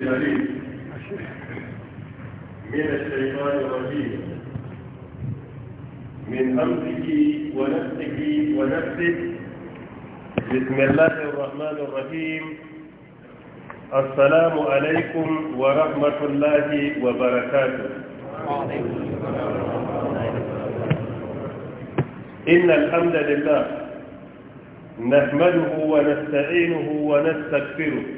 من الشيطان الرجيم من أمسك ونفسك ونفسك بسم الله الرحمن الرحيم السلام عليكم ورحمة الله وبركاته إن الحمد لله نحمده ونستعينه ونستغفره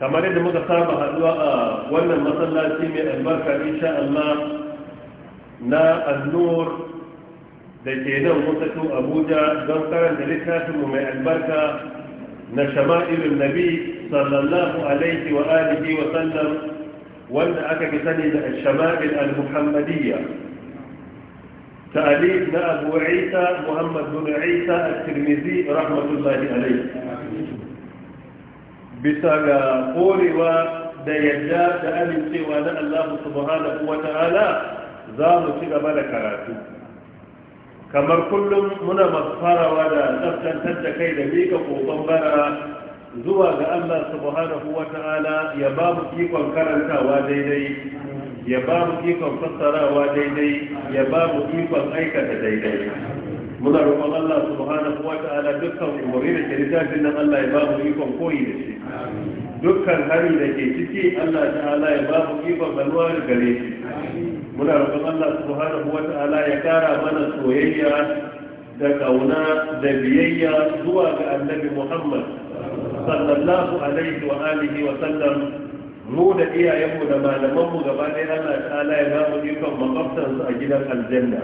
kamar yadda muka saba haduwa a wannan masallaci mai albarka insha Allah na annur da ke nan mutatu abuja don karanta littafinmu mai albarka na shama'ilun nabi sallallahu alaihi wa alihi wa sallam wanda aka fi sani da shama'il al-muhammadiyya ta'alif na abu isa muhammad bin isa al-tirmidhi rahmatullahi bisa ga korewa da yadda da amincewa na Allah subhanahu wa ta'ala za mu ci gaba da karatu kamar kullum muna mafarawa da tsaftantar da kai da miƙa ƙoƙon bara zuwa ga Allah subhanahu wa ta'ala ya ba mu ikon karantawa daidai ya ba mu ikon fassarawa daidai ya ba mu ikon aikata daidai muna roƙon Allah subhanahu wa ta'ala dukkan umarni da ke littafin nan Allah ya ba mu ikon koyi da shi dukkan hari da ke ciki Allah ta'ala ya ba mu ikon ganuwa da gare shi muna roƙon Allah subhanahu wa ta'ala ya kara mana soyayya da kauna da biyayya zuwa ga annabi Muhammad sallallahu alaihi wa alihi wa sallam mu da iyayenmu da malamanmu gaba ɗaya Allah ta'ala ya ba mu ikon su a gidan aljanna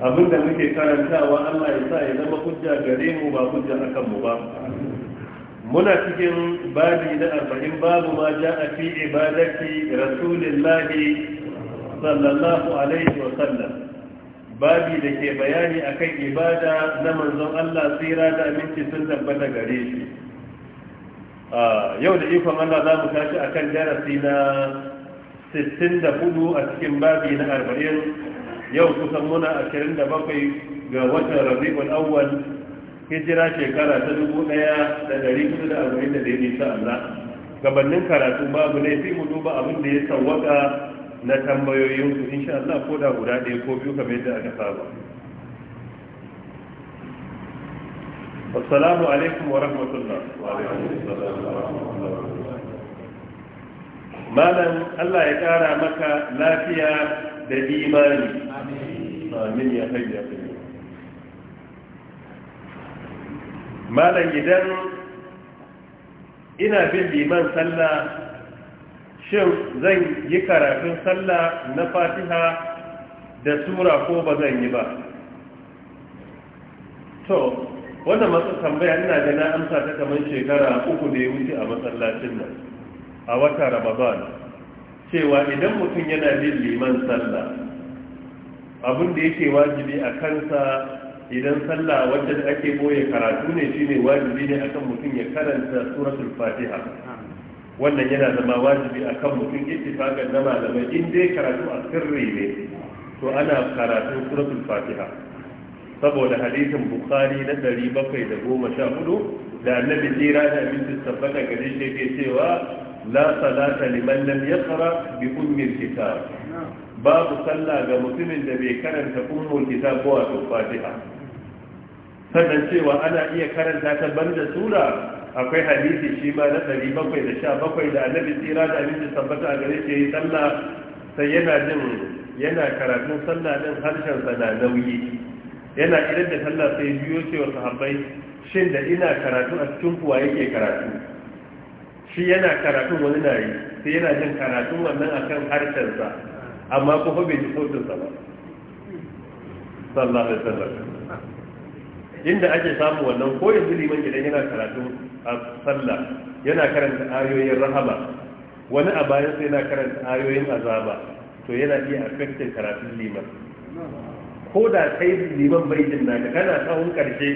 abin da muke karantawa Allah ya sa ya zama hujja gare mu ba hujja a mu ba muna cikin babi na arba'in babu ma ja a fi ibadati rasulillahi sallallahu alaihi wa sallam babi da ke bayani akan ibada na manzon Allah tsira da aminci sun tabbata gare shi yau da ikon Allah za mu tashi a kan darasi na 64 a cikin babi na 40 yau kusan muna 27 ga watan rabi'ul awwal hijira shekara ta 1441 insha Allah gabanin karatu babu ne fi mu duba abin da ya sawwaka na tambayoyin ku insha Allah ko da guda ɗaya ko biyu kamar yadda aka saba والسلام عليكم ورحمة الله وعليكم السلام malam Allah ya kara maka lafiya da imani malam idan ina bin liman sallah shin zan yi karatun sallah na fatiha da tura ko ba zan yi ba wannan masu tambaya ina ga na amsa ta kamar shekara uku da ya wuce a masallacin nan a wata ramadan cewa idan mutum yana bin liman sallah abin da yake wajibi a kansa idan sallah wacce da ake boye karatu ne shine wajibi ne akan mutum ya karanta suratul fatiha wannan yana zama wajibi akan mutum ittifaqan na malamai in dai karatu a sirri ne to ana karatun suratul fatiha saboda hadisin bukhari na 714 da annabi tsira da aminci tabbata gare shi ke cewa la salata liman lam yaqra bi ummil kitab babu sallah ga mutumin da bai karanta ummul kitab ko wato fatiha sannan cewa ana iya karanta ta da sura akwai hadisi shi ma na 717 da annabi tsira da abincin tabbata a gare shi yi sallah sai yana jin yana karatun sallah din harshen sana nauyi yana idan da sallah sai biyo cewa sahabbai shin da ina karatu a cikin kuwa yake karatu shi yana karatu wani na yi sai yana jin karatu wannan a kan harshensa amma kuma bai ji kotunsa ba sallallahu alaihi wasallam inda ake samu wannan ko yanzu liman idan yana karatu a sallah yana karanta ayoyin rahama wani a bayan sai yana karanta ayoyin azaba to yana iya affecting karatun liman ko da kai liman bai jin naka kana tsawon karshe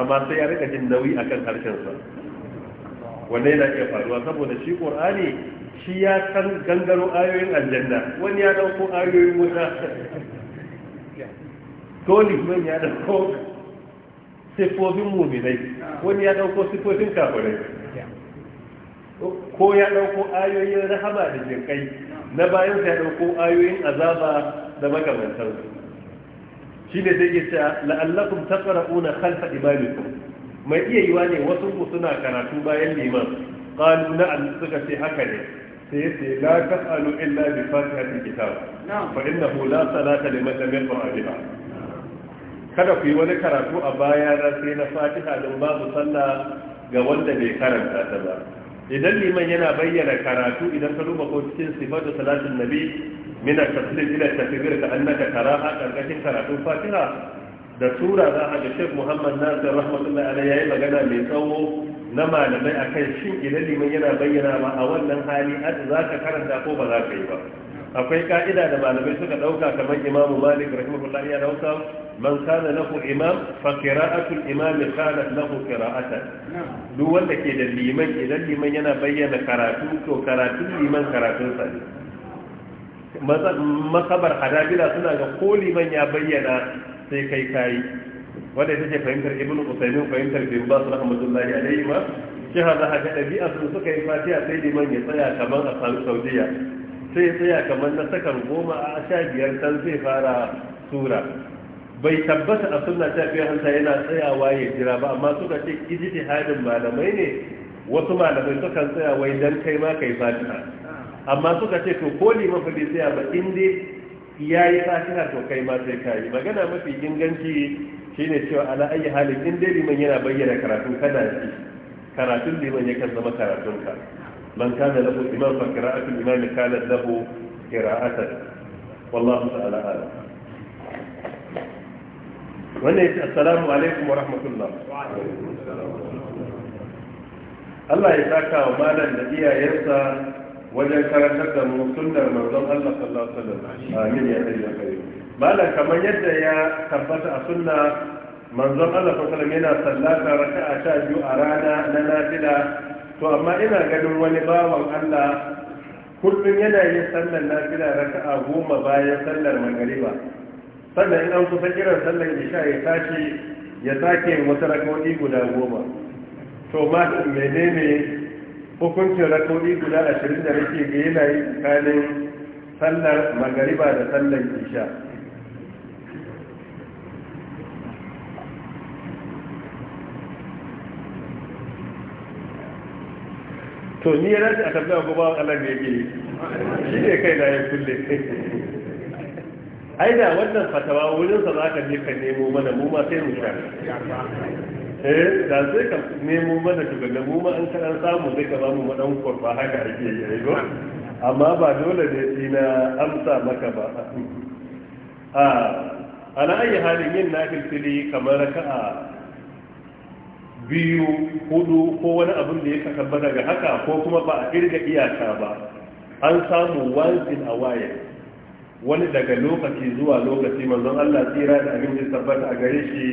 amma sai ya rika jin nauyi akan harshen sa. wanda yana iya faruwa saboda shi qur'ani shi ya san gangaro ayoyin aljanna wani ya dauko ayoyin wuta ni liman ya dauko sifofin muminai wani ya dauko sifofin kafirai ko ya dauko ayoyin rahama da jinkai na bayan ya dauko ayoyin azaba da makamantarsu shi ne zai ce la'allakum taqra'una khalfa imamikum mai iya yiwa ne wasu ku suna karatu bayan liman qalu na'am suka ce haka ne sai sai la tasalu illa bi fatihatil kitab fa innahu la salata liman lam yaqra biha kada ku yi wani karatu a baya na sai na fatiha don babu sallah ga wanda bai karanta ta ba idan liman yana bayyana karatu idan ka duba ko cikin sifatu salatin nabi Mina at-taslim ila at-takbir ka annaka taraha karatun fatiha da sura za a ga Sheikh Muhammad Nasir rahmatullahi alaihi yayi magana mai tsawo na malamai akan shin idan liman yana bayyana ba a wannan hali za ka karanta ko ba za ka yi ba akwai ka'ida da malamai suka dauka kamar Imam Malik rahimahullah ya dauka man kana lahu imam fa qira'atul imam kanat lahu qira'atan duk wanda ke da liman idan liman yana bayyana karatu to karatun liman karatun sa ne masabar hadabila suna ga koli man ya bayyana sai kai kayi wanda ita fahimtar ibn usaimin fahimtar bin basu rahmatullahi alaihi ma shi haza haka ɗabi'a sun suka yi fatiha sai liman ya tsaya kamar a saudiya sai ya tsaya kamar na sakar goma a sha biyar can zai fara sura bai tabbata a sunna ta fiye hanta yana tsayawa ya jira ba amma suka ce ijtihadin malamai ne wasu malamai sukan tsaya wai dan kai ma kai fatiha amma suka ce to ko liman fa ba in ya yi fatiha to kai ma sai ka yi magana mafi inganci shine cewa ala ayi halin in liman yana bayyana karatu kana shi karatun liman kan zama karatun ka man kana lahu imam fa qira'atu imam kana lahu qira'atan wallahu ta'ala ala wannan yace assalamu alaikum wa rahmatullah wa Allah ya saka wa malam da iyayensa wajen karantar da mu sunnar manzon Allah sallallahu alaihi wasallam amin ya rabbi kare malam kamar yadda ya tabbata a sunna manzon Allah sallallahu alaihi wasallam yana sallata raka'a ta biyu a rana na nafila to amma ina ganin wani bawan Allah kullum yana yin sallar nafila raka'a goma bayan sallar magariba sannan in an kusa kiran sallar isha ya tashi ya sake wata raka'o'i guda goma to ma menene hukuncin rakoni guda ashirin da nake ga yana tsakanin sallar magariba da sallar isha to ni yana a tabbata ko ba Allah ne yake shi ne kai da ya kulle ai da wannan fatawa wurin sa zaka je ka nemo mana mu ma sai mu sha eh da sai ka nemo mana ka mu an samu sai ka bamu mu kurfa haka ake yi eh, amma ba dole ne ina amsa maka ba a ana ayi halin yin nafil fili kamar raka'a biyu hudu ko wani abin da ya kasaba daga haka ko kuma ba a kirga iyaka ba an samu once in a while wani daga lokaci zuwa lokaci manzon Allah tsira da abin da tabbata a gare shi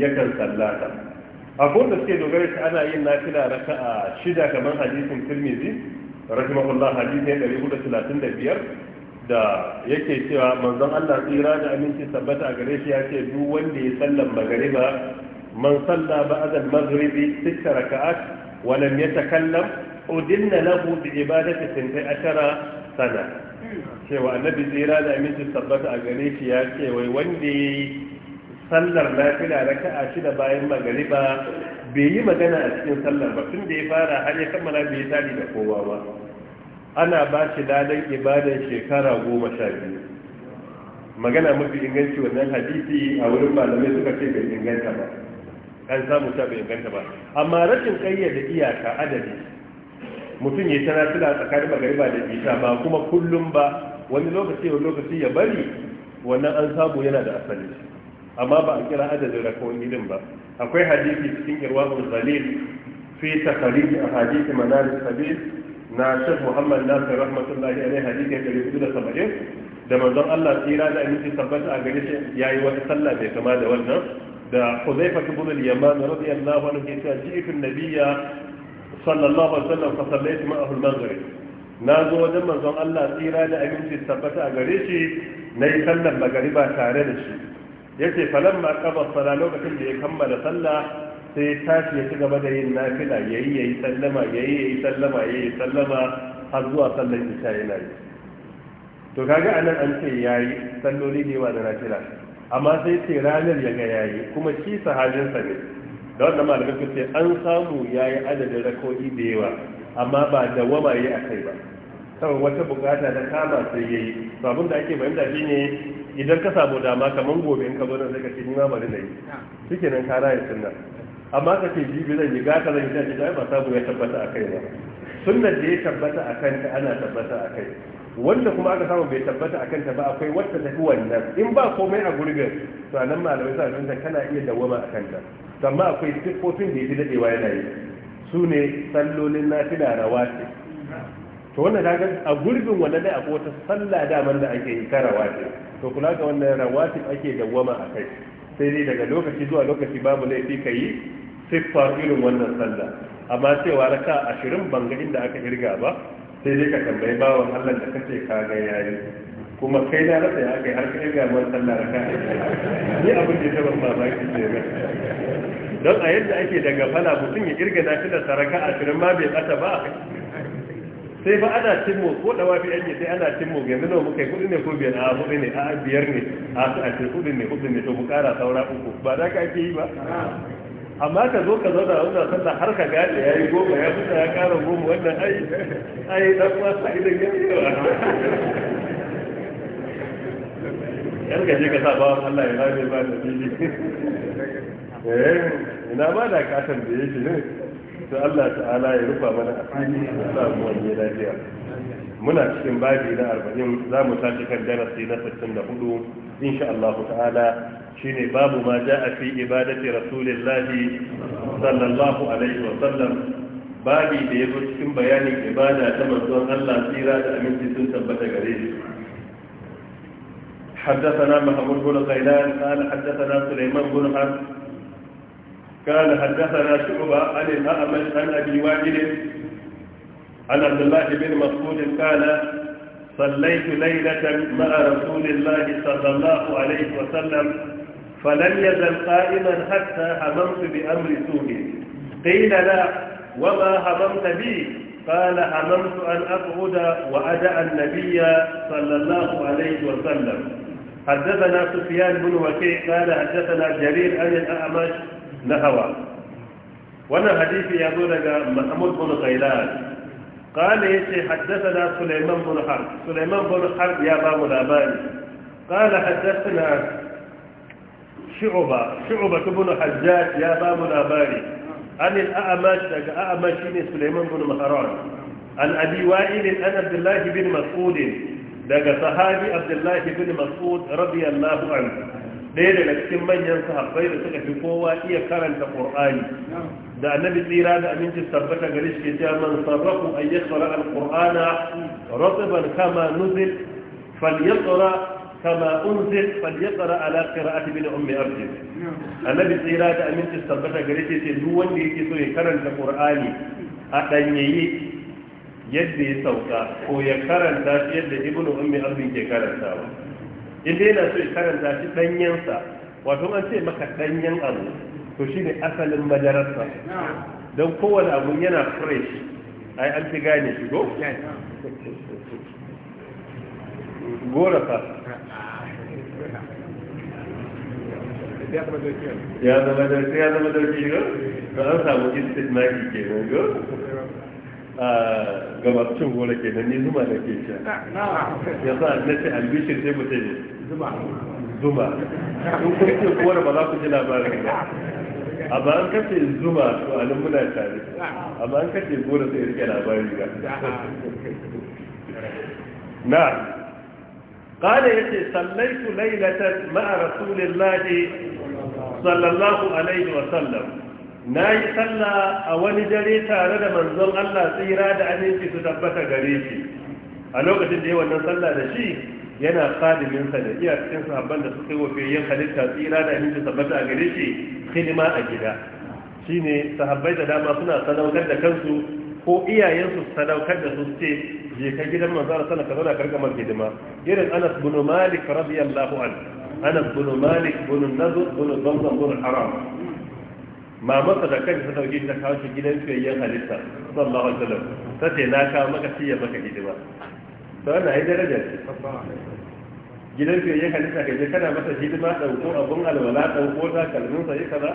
yakan sallata abun da suke dogara shi ana yin nafila raka'a shida kamar hadisin tirmizi rahimahullah hadisin 435 da yake cewa manzon Allah tsira da aminci tabbata a gare shi ya ce duk wanda ya sallan magariba man salla ba'da al-maghribi sita raka'at wa lam yatakallam udinna lahu bi ibadati 12 sana cewa annabi tsira da aminci tabbata a gare shi ya ce wai wanda sallar nafila raka'a shida bayan magariba bai yi magana a cikin sallar ba tun da ya fara har ya kammala bai yi da kowa ba ana ba shi ladan ibadan shekara goma sha biyu magana mafi inganci wannan hadisi a wurin malamai suka ce bai inganta ba an samu ta bai inganta ba amma rashin kayyade iyaka adadi mutum ya tana tana tsakanin magariba da isha ba kuma kullum ba wani lokaci wani lokaci ya bari wannan an samu yana da asali amma ba a kira adadin rakawoyi din ba akwai hadisi cikin irwahul zalil fi a hadisi manar sabil na Sheikh Muhammad Nasir rahmatullahi alaihi hadisi 470 da manzon Allah tsira da aminci tabbata a gare shi yi wata sallah mai kama da wannan da Hudayfa ibn al-Yaman radiyallahu wani ya ce ji'tu an-nabiyya sallallahu alaihi wasallam fa sallaitu ma'ahu al-maghrib na zo wajen manzon Allah tsira da aminci tabbata a gare shi na nayi sallar magriba tare da shi yace falamma qada sala lokacin da ya kammala sallah sai tashi ya ci gaba da yin nafila yayi yayi sallama yayi yayi sallama yayi sallama har zuwa sallar isha yana yi to kaga anan an ce yayi salloli ne yawa da nafila amma sai ce ranar ya ga yayi kuma shi halinsa ne da wannan malamin ku ce an samu yayi adadin rakoi da yawa amma ba da wama a akai ba saboda wata bukata da kama sai yayi yi. abin da ake fahimta ne idan ka samu dama kamar gobe in ka zo nan sai ka ce ni ma bari na yi shike nan ka raya sunna amma ka ce jibi zan yi gaka zan yi ta ba samu ya tabbata a kai ba sunna da ya tabbata a kanta ana tabbata a kai wanda kuma aka samu bai tabbata a kanta ba akwai wata tafi wannan in ba komai a gurbin to nan malamai sa tunta kana iya dawama a kanta amma akwai siffofin da ya fi dadewa yana yi su ne sallolin nafila rawatib to wannan daga a gurbin wannan dai akwai wata sallah daman da ake yi ta rawatib to kula ga wannan rawatib ake dawwama a kai sai dai daga lokaci zuwa lokaci babu laifi ka yi siffar irin wannan sallah amma cewa raka ashirin banga inda aka hirga ba sai dai ka tambayi bawan allah da kace ka ga yayi kuma kai na rasa ya kai har kai ga man sallah raka ni abin da ban mamaki ne ba don a yadda ake daga fala mutum ya kirga na shi da saraka ashirin ma bai kasa ba sai ba ana timmo ko da wafi ake sai ana timmo ga yanzu nawa muka yi kudi ne ko biyar a hudu ne a biyar ne a su a cikin ne hudu ne to mu kara saura uku ba za ka ake yi ba amma ka zo ka da wanda sanda har ka gane yayi goma ya fita ya kara goma wannan ai ai dan ma ya yi gani yar ka je ka sa ba Allah ya rabe ba da bibi eh ina ba da katan da yake ne to Allah ta'ala ya rufa mana a samu wani lafiya muna cikin babi na arba'in za mu tashi kan darasi na sittin da hudu insha Allah ta'ala shine babu ma a fi ibadati rasulillahi sallallahu alaihi wa sallam babi da ya cikin bayanin ibada ta manzon Allah tsira da aminci sun tabbata gare shi حدثنا محمود بن قيلان قال حدثنا سليمان بن حرب قال حدثنا شعبة عن الأعمش عن أبي وائل عن عبد الله بن مسعود قال صليت ليلة مع رسول الله صلى الله عليه وسلم فلم يزل قائما حتى هممت بأمر سوء قيل لا وما هممت بي قال هممت أن أقعد وأدع النبي صلى الله عليه وسلم حدثنا سفيان بن وكيع قال حدثنا جرير عن الأعمش na وانا حديث hadisi ya zo daga mahmud قال يتي حدثنا سليمان بن حرب سليمان بن حرب يا باب الأباني قال حدثنا شعبة شعبة بن حجاج يا باب الأباني عن الأعمش أعمشين سليمان بن مهران عن أبي وائل عن عبد الله بن مسعود دق صحابي عبد الله بن مسعود رضي الله عنه ɗaya daga cikin manyan sahabbai da suka fi kowa iya karanta qur'ani da annabi tsira da aminci tabbata gari shi ke cewa man sarrafu an yaqra al-qur'ana ratiban kama nuzil falyaqra kama unzil falyaqra ala qira'ati bin ummi abd annabi tsira da aminci tabbata gari shi ce duk wanda yake so ya karanta qur'ani a danyaye yadda ya sauka ko ya karanta yadda ibnu ummi abd ke karantawa in dai yana so ya karanta shi ɗanyensa wato an ce maka ɗanyen abu to shi ne asalin madararsa don kowane abu yana fresh ai an fi gane shi go gora fa ya zama darki ya zama darki go ba an samu istisnaki ke nan go ga masu cin gora ke nan zuma da ke sha ya sa na ce albishir sai zuma in kun ce kore ba za ku ji labarin ba amma an kace zuma to a nan muna tare amma an kace gora sai rike labarin ba na yace sallaitu ma'a rasulillahi sallallahu alaihi wa sallam na yi sallah a wani dare tare da manzon Allah tsira da aminci su tabbata gare shi a lokacin da wannan sallah da shi yana khadiminsa da iya cikin sahabban da suka yi wa fiyayyen halitta tsira da aminci sabbata a gare shi hidima a gida Shi ne sahabbai da dama suna sadaukar da kansu ko iyayensu sadaukar da su ce je ka gidan manzo Allah sana ka zauna karkamar hidima irin Anas bin Malik radiyallahu anhu Anas bin Malik bin Nadr bin Zamzam bin Haram mamarsa da kai ta dauke shi ta kawo shi gidan fiyayyen halitta sallallahu alaihi wasallam ta na kawo maka siya maka hidima da wannan yi darajar? ce gidan fiye ya halitta ka je kana masa hidima ɗauko abin alwala ɗauko ta kalmun sa yi kaza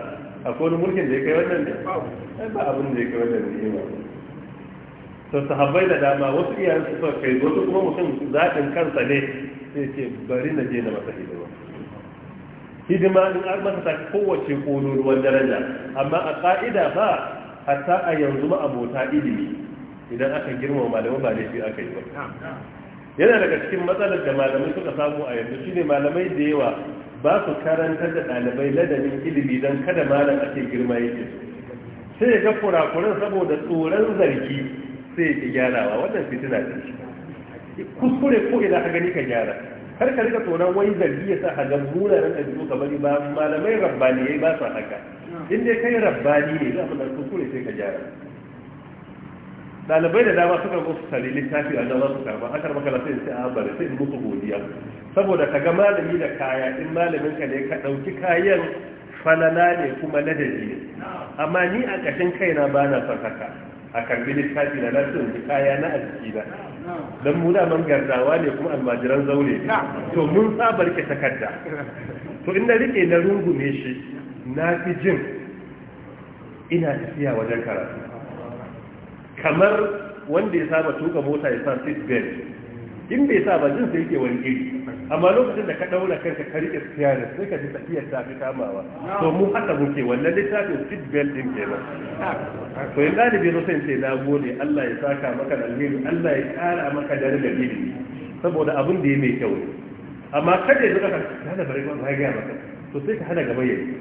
a wani mulkin da ya kai wannan ne ba abin da ya kai wannan ne ba to sahabbai da dama wasu iyayen su kai wasu kuma mutum zaɓin kansa ne sai ce bari na je na masa hidima hidima in an masa ta kowace ruwan daraja amma a ƙa'ida ba hatta a yanzu ma abota ilimi idan aka girmama malamai ba laifi aka yi ba yana daga cikin matsalar da malamai suka samu a yanzu shine malamai da yawa ba su karantar da ɗalibai ladabin ilimi don kada malam ake girma yake sai ga kurakuran saboda tsoron zargi sai ya gyarawa wannan fitina ce kuskure ko ina ka gani ka gyara kar ka rika tsoron wai zargi ya sa a ga munanan da ka kamar ba malamai rabbaniyai ba su haka in kai rabbani ne za mu ɗan kuskure sai ka gyara dalibai da dama suka go tare littafi a zama su karba akar maka lafiya sai a bari sai in godiya saboda ka ga malami da kaya in malamin ka ne ka ɗauki kayan falala ne kuma na da ne amma ni a ƙashin kaina na bana son haka a karbi littafi na na sun kaya na a jikina don mu man gardawa ne kuma almajiran zaune to mun sabar ke takarda to in na rike na rungume shi na fi jin ina tafiya wajen karatu kamar wanda ya saba tuka mota ya sa seat belt in bai saba ba jin sai yake wani iri amma lokacin da ka daura kanka ka rike tsiyarin sai ka ji tafiyar ta fi kamawa to mu haka muke wannan littafin seat belt din ba. to in galibi zo sai ce na gode Allah ya saka maka da alheri Allah ya kara maka da dalili saboda abin da ya mai kyau amma kada ya zo ka kada bare ba ga maka to sai ka hana gaba yayi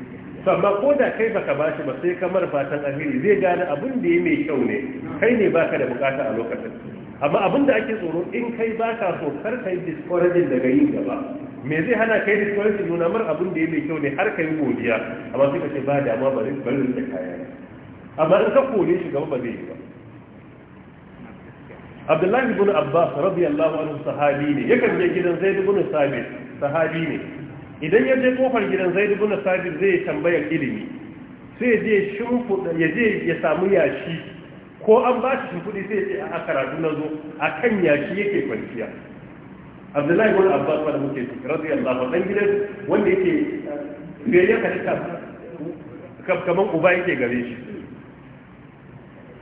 amma ko da kai baka shi ba sai kamar fatan alheri zai gane abin da ya mai kyau ne kai ne baka da bukata a lokacin amma abin da ake tsoro in kai baka so kar kai discouraging daga yin gaba me zai hana kai discouraging nuna mar abin da ya mai kyau ne har kai godiya amma sai ka ce ba dama bari bari da kaya amma in ka kore shi gaba ba zai yi ba Abdullahi ibn Abbas radiyallahu anhu sahabi ne yakan je gidan Zaid ibn Sabit sahabi ne idan ya je kofar gidan zai dubu na sabir zai tambayar ilimi sai je shimfuda ya je ya samu yashi ko an ba shi shimfudi sai ce a karatu na zo a kan yashi yake kwanciya abdullahi wani abbas wanda muke radiyallahu dan gidan wanda yake bai eh, ya kashi kamar uba yake gare shi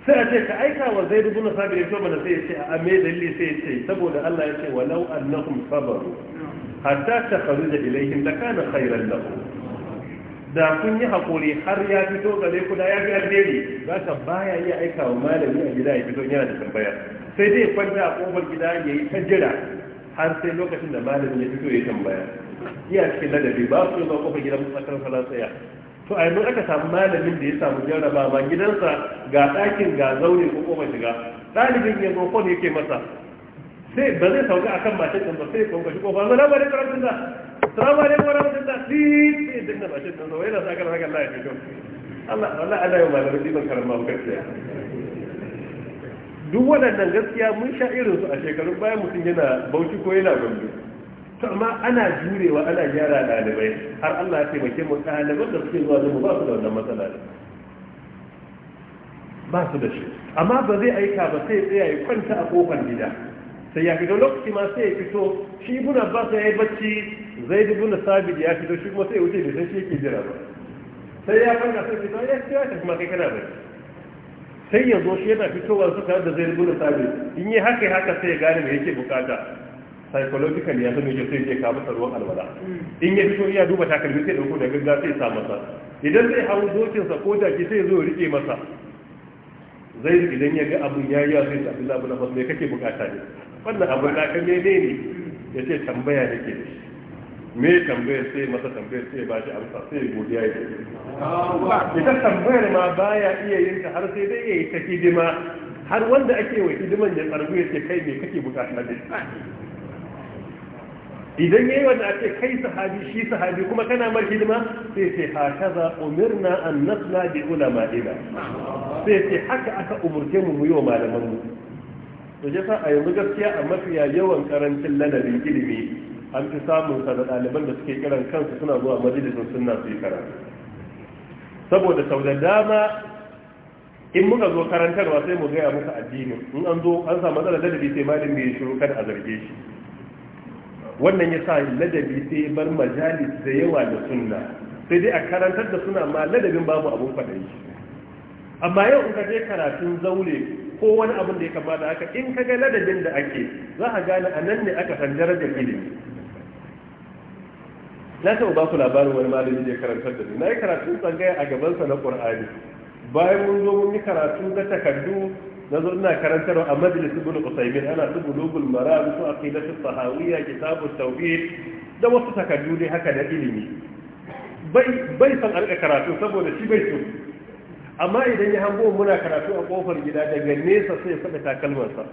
sai a ce ka aika wa zai dubu na sabir ya ce mana sai ya ce a me dalili sai ya ce saboda allah ya ce walau annahum sabaru hatta ta faru da ilaihim da kana khairan lahu da kun yi hakuri har ya fito gare ku da ya fi alheri za ka baya iya aika wa malami a gida ya fito yana da tambaya sai dai kwanta a kofar gida ya yi ta jira har sai lokacin da malamin ya fito ya tambaya iya cikin ladabi ba su zuwa kofar gidan fara tsaya. to a yanzu aka samu malamin da ya samu jarraba ma gidansa ga ɗakin ga zaune ko kofar shiga ɗalibin ya zo kwan yake masa sai ba zai sauka akan matar ɗin sai sai sauka shi kofa zana bare karatun da salamu alaikum wa rahmatullah si sai dinda matar ɗin wai na sakar haka Allah ya fito Allah Allah Allah ya malar riban karama ku kace duk waɗannan gaskiya mun sha irin su a shekarun bayan mutum yana bauchi ko yana gombe to amma ana jurewa ana gyara ɗalibai har Allah ya taimake mu ɗaliban da suke zuwa mu ba su da wannan matsala ne ba su da shi amma ba zai aika ba sai tsaya ya kwanta a kofar gida sai ya fito lokaci ma sai ya fito shi ba abbas ya yi bacci zaid ibn da ya fito shi kuma sai ya wuce da san shi yake jira ba sai ya fara sai fito ya fito ya tafi ma kai kana bacci sai ya zo shi yana fitowa su tare da zaid ibn sabi in yi haka haka sai ya gane me yake bukata psychological ya zama sai ya kawo masa ruwan alwala mm. in ya fito ya duba takalmi sai dauko da gaggawa sai ya sa masa idan zai hau dokinsa ko ke sai ya zo ya rike masa zai idan ya ga abun yi wa sai ta Abdullahi ibn na me kake bukata ne wannan abu da ka daidai ne ya ce tambaya da ke me tambayar sai masa tambayar sai ba shi amsa sai godiya ya ke. ita tambayar ma baya iya yin ta har sai dai ya yi ta hidima har wanda ake wa hidiman ya tsargu ya ce kai me kake bukata ne idan yayi wanda ake kai sahabi shi sahabi kuma kana mar hidima sai ce hakaza umirna an nasla bi ulama'ina sai ce haka aka umurce mu mu yi wa malaman mu da sa a yanzu gaskiya a mafiya yawan karancin ladabi ilimi an fi samun sa da ɗaliban da suke kiran kansu suna zuwa majalisun sunna su yi saboda sau dama in muka zo karantarwa sai mu gaya muka addini in an zo an samu matsalar ladabi sai malin da shiru kada a zarge shi wannan ya sa ladabi sai bar majalis da yawa da sunna sai dai a karantar da suna ma ladabin babu abun faɗa shi amma yau in ka je karatun zaure ko wani abin da ya kama da haka in ka ga ladabin da ake za a gane a nan ne aka san darajar ilimi na taɓa ba ku labarin wani malami da ya karantar da ni na yi karatun tsangaya a gabansa na ƙur'ani bayan mun zo mun yi karatu na takardu na zo ina karantarwa a majalis ibn qusaymin ana su bulugul maram su aqidatu sahawiyya kitabu tawhid da wasu takardu ne haka da ilimi bai bai san alƙa karatu saboda shi bai so amma idan ya hango muna karatu a kofar gida daga nesa sai faɗi takalmansa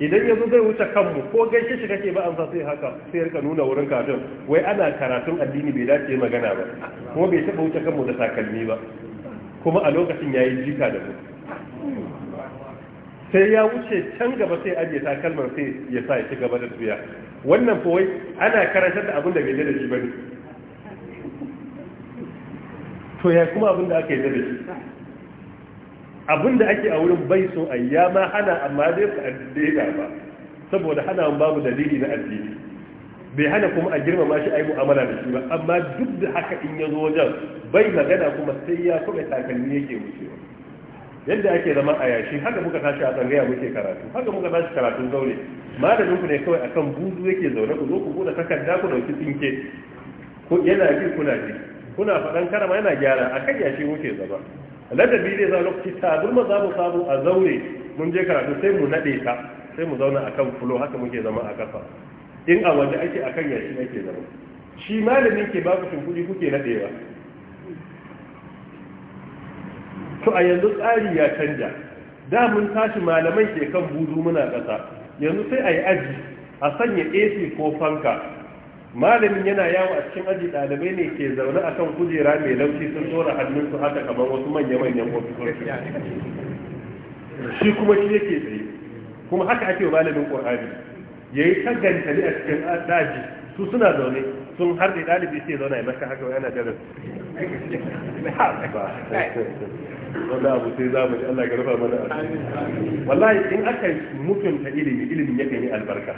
idan ya zo zai wuce kanmu ko gaishe shi kake ba amsa sai haka sai ka nuna wurin karatun wai ana karatun addini bai dace magana ba kuma bai taɓa wuce kanmu da takalmi ba kuma a lokacin ya yi jika da mu sai ya wuce can gaba sai ajiye takalmar sai ya sa ya gaba da tuya wannan fa wai ana karantar da abin da bai da shi ba to ya kuma abin da aka yi da shi abin da ake a wurin bai so ya ma hana amma dai ka daina ba saboda hana babu dalili na addini bai hana kuma a girmama shi aibu mu'amala da shi ba amma duk da haka in ya zo wajen bai magana kuma sai ya kuma takalmi yake wucewa yadda ake zama a yashi haka muka tashi a tsangaya muke karatu haka muka tashi karatun zaune malamin ku ne kawai akan buzu yake zaune ku zo ku buɗe takarda ku dauki tsinke ko yana ji kuna ji kuna faɗan karama yana gyara a kan yashi muke zama ladabi zai zama lokaci zurma za mu samu a zaure mun je karatu sai mu naɗe ta sai mu zauna akan fulo haka muke zama a ƙasa in a waje ake akan yashi ake zama shi malamin ke ba ku shimfiɗi kuke naɗewa to a yanzu tsari ya canja da mun tashi malamai ke kan buzu muna ƙasa yanzu sai a yi aji a sanya ac ko fanka malamin yana yawo a cikin aji ɗalibai ne ke zaune akan kujera mai laushi sun tsora hannunsu haka kamar wasu manya-manyan ofisoshi shi kuma shi yake tsaye kuma haka ake malamin ƙwarari ya yi tagantali a cikin daji su suna zaune sun da dalibi sai zauna ya maka haka yana jarin wanda abu sai za mu ji Allah ya rufa mana wallahi in aka mutunta ilimi ilimin yakan yi albarka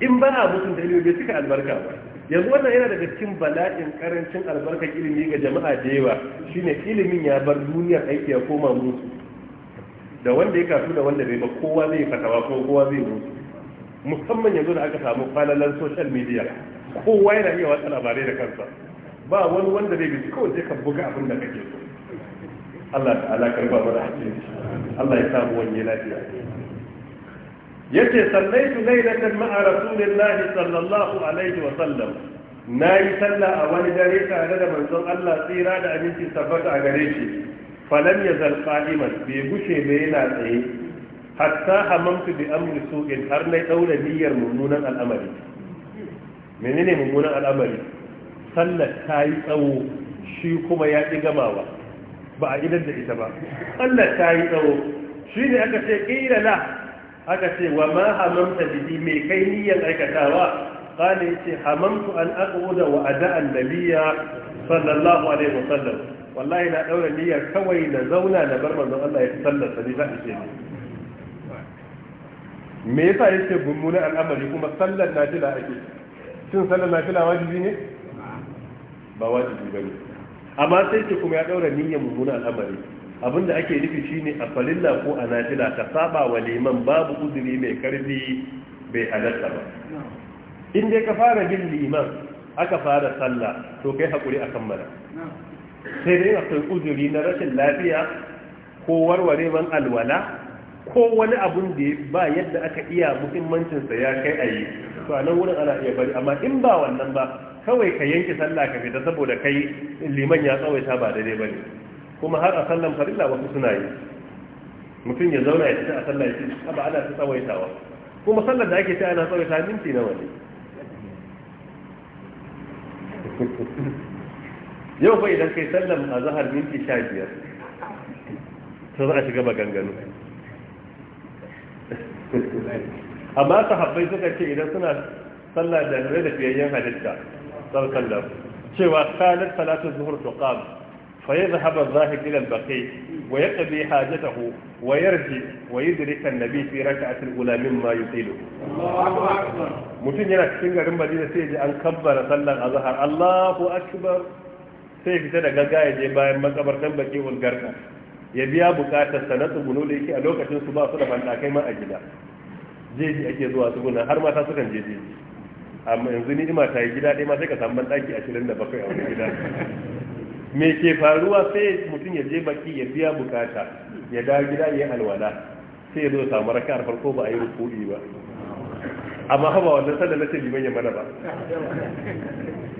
in ba a mutum da ilimi bai cika albarka ba yanzu wannan yana daga cikin bala'in karancin albarkar ilimi ga jama'a da yawa shine ilimin ya bar duniyar aiki ya koma musu da wanda ya kasu da wanda bai ba kowa zai fatawa ko kowa zai musu musamman yanzu da aka samu falalan social media kowa yana iya watsa labarai da kansa ba wani wanda zai bi kawai sai ka buga abin da kake so Allah ta'ala karba mana hakkin Allah ya samu wani lafiya Ya yace sallaitu laylatan ma'a rasulillahi sallallahu alaihi wa sallam Na yi sallah a wani dare tare da manzon Allah tsira da aminci tabbata a gare shi falam yazal qa'iman bai gushe ba yana tsaye hatta hamamtu bi amri su'in har nayi daura niyyar mummunan al'amari menene mummunan al'amari sallar ta yi tsawo shi kuma ya ƙi gamawa ba a gidan da ita ba sallar ta yi tsawo shi ne aka ce ƙila la aka ce wa ma hamamta bihi mai kai niyyar aikatawa قال يتي حممت أن أقعد وأداء Wallahi na الله niyyar kawai na zauna na bar كوي Allah ya من الله يتصلى سبيل الشيء me yasa yake mummuna al'amari kuma sallar nafila ake shin sallar nafila wajibi ne ba wajibi ba ne amma sai ce kuma ya daura niyyar mummuna al'amari da ake nufi shine a falilla ko a nafila ta saba wa liman babu uzuri mai karfi bai halatta ba in dai ka fara bin liman aka fara sallah to kai hakuri a kammala. sai dai kai uzuri na rashin lafiya ko warware man alwala ko wani abun da ba yadda aka iya muhimmancinsa ya kai a yi to a nan wurin ana iya bari amma in ba wannan ba kawai ka yanke sallah ka fita saboda kai liman ya tsawaita ba daidai ba ne kuma har a sallan farilla wasu suna yi mutum ya zauna ya fita a sallah ya ce ba ana ta tsawaitawa kuma sallar da ake ce ana tsawaita minti nawa ne yau fa idan kai sallar a zahar minti sha biyar ta za a shiga maganganu amma sahabbai suka ce idan suna sallar da da fiyayyen halitta sallallahu cewa kalar salatu zuhur tuqam فيذهب الذاهب إلى البقي ويقضي حاجته ويرجع ويدرك النبي في ركعة الأولى مما يطيله الله أكبر متين yana cikin garin كبر sai ji an kabbara sallar azhar Allahu akbar sai fita da gaggawa je bayan makabartan baki ulgarka ya biya bukatar sana tsuguno da yake a lokacin su ba su da bandakai ma a gida jeji ake zuwa guna har mata sukan je jeji amma yanzu ni ima ta yi gida ɗaya ma sai ka samu bandaki bakwai a wani gida me ke faruwa sai mutum ya je baki ya biya bukata ya dawo gida ya alwala sai ya zo samu raka'ar farko ba a yi rukuri ba amma ha ba wannan sallar nace liman ya mana ba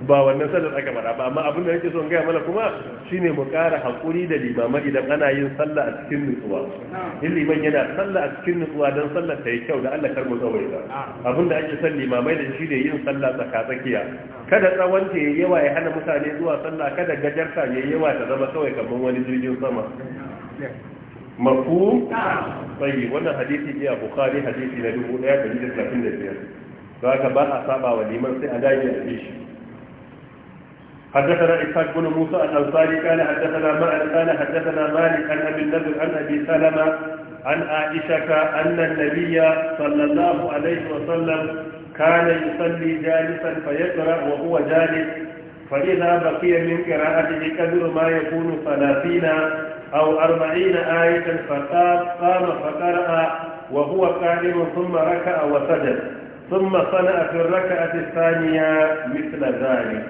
ba wannan sallar aka mana ba amma abin da yake son gaya mana kuma shine mu ƙara hakuri da limama idan ana yin sallah a cikin nutsuwa in liman yana sallah a cikin nutsuwa dan sallar ta yi kyau da Allah kar mu tsawaita abin da ake son limamai da shi ne yin sallah tsaka tsakiya kada tsawon ta yi yawa ya hana mutane zuwa sallah kada gajarta yi yawa ta zama kawai kamar wani jirgin sama mafhum tayyib wannan hadisi ne a bukhari hadisi na 1135 don haka ba a saba wa liman sai a dage a bi shi حدثنا إسحاق بن موسى الأنصاري قال حدثنا ما قال حدثنا مالك عن أبي النضر عن أبي سلمة عن عائشة أن النبي صلى الله عليه وسلم كان يصلي جالسا فيقرأ وهو جالس فإذا بقي من قراءته كبر ما يكون ثلاثين أو أربعين آية فقام قام فقرأ وهو قائم ثم ركع وسجد ثم صنع في الركعة الثانية مثل ذلك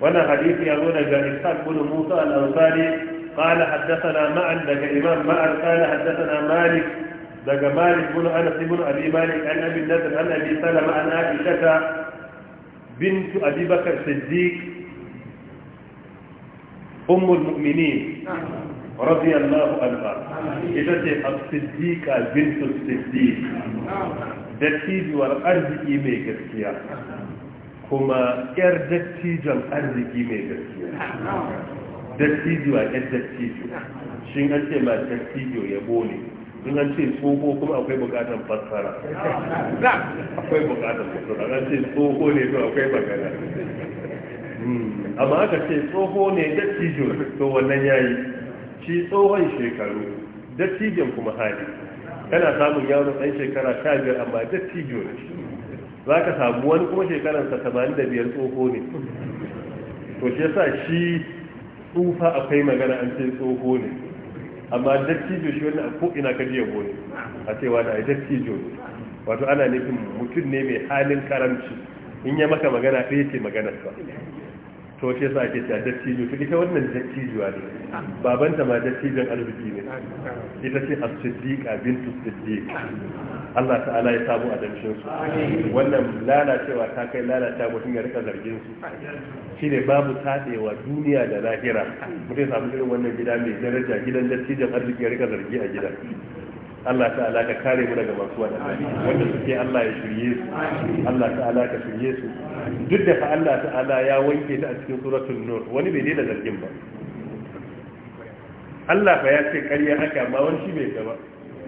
وانا حديث يقول عن إسحاق بن موسى الأنصاري قال حدثنا معا لك إمام معا قال حدثنا مالك لك مالك بن أنس بن أبي مالك عن أبي النذر عن أبي سلمة عن عائشة بنت أبي بكر الصديق أم المؤمنين رضي الله ita ce as-siddiqa bintu siddiq dattijuwar arziki mai gaskiya kuma yar dattijon إيمي mai gaskiya dattijuwa yar dattijo shi an ce ma ya in an ce tsoho kuma akwai bukatar fassara akwai bukatar fassara an ce tsoho ne to akwai bukatar amma aka ce tsoho ne dattijo to wannan yayi shi tsohon shekaru dattijon kuma hali kana samun yaro ɗan shekara sha biyar amma dattijo ne za ka samu wani kuma shekaransa tamanin da biyar tsoho ne to shi yasa shi tsufa akwai magana an ce tsoho ne amma dattijo shi wani a ko'ina ka ji yabo ne a cewa da dattijo ne wato ana nufin mutum ne mai halin karamci in ya maka magana ɗaya ce maganar ba to shi yasa ake cewa dattijo to ita wannan dattijo ne babanta ma dattijon arziki ne ita ce as-siddiqa bintu siddiq Allah ta'ala ya samu a su wannan lalacewa ta kai lalata mutum ya rika zargin su shine babu tadewa duniya da lahira mutum ya samu irin wannan gida mai daraja gidan dattijon arziki ya rika zargi a gidan Allah ta'ala ka kare mu daga masu waɗannan wanda suke Allah ya shirye su Allah ta'ala ka shirye su duk da fa Allah ta'ala ya wanke ta a cikin suratul nur wani bai daina zargin ba Allah fa ya ce ƙarya haka amma wani shi bai gaba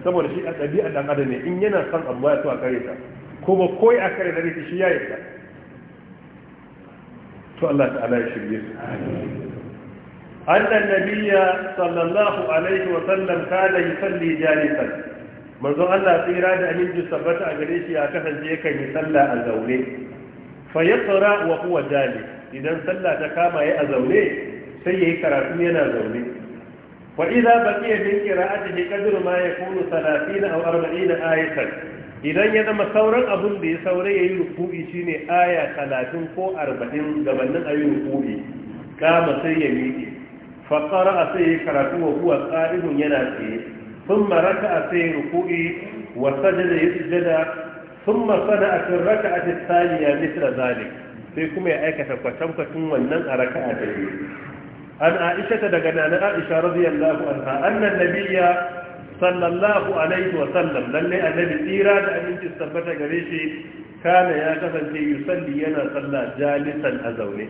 saboda shi a ɗabi'a ɗan adam ne in yana son abu ya so a kare ta kuma koyi a kare da shi ya yi ta to Allah ta'ala ya shirye su أن النبي صلى الله عليه وسلم كان يصلي جالسا manzon Allah tsira da aminci sabbata a gare shi ya kasance kan yi sallah a zaune fa yaqra wa huwa jali idan sallah ta kama yi a zaune sai yayi karatu yana zaune wa idza baqiya min bi qadru ma yakunu 30 aw 40 ayatan idan ya zama sauran abun da ya saura yayi rukubi shine aya 30 ko 40 gabanin ayi rukubi kama sai ya miƙe fa qara'a sai ya karatu wa huwa qa'idun yana tsaye ثم ركع في ركوعه وسجد يسجد ثم صنع في الركعة الثانية مثل ذلك sai kuma ya aikata kwatankwacin wannan a raka'a da yi an aisha ta daga nana aisha radiyallahu anha annan nabiyya sallallahu alaihi wa sallam lalle annabi tsira da aminci tabbata gare shi kana ya kasance yusalli yana sallah jalisan a zaune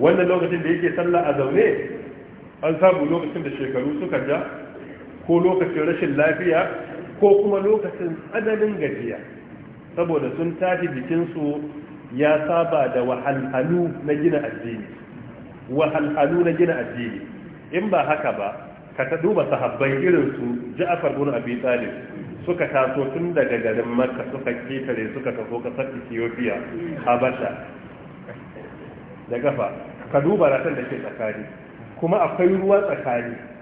wannan lokacin da yake sallah a zaune an samu lokacin da shekaru suka ja ko lokacin rashin lafiya ko kuma lokacin tsananin gajiya saboda sun tashi jikinsu ya saba da wahalhalu na gina addini wahalhalu na gina addini in ba haka ba ka ta duba sahabbai irin su ja'far ibn abi talib suka taso tun daga garin makka suka ketare suka taso kasar ethiopia habasha da kafa ka duba ratan da ke tsakani kuma akwai ruwa tsakani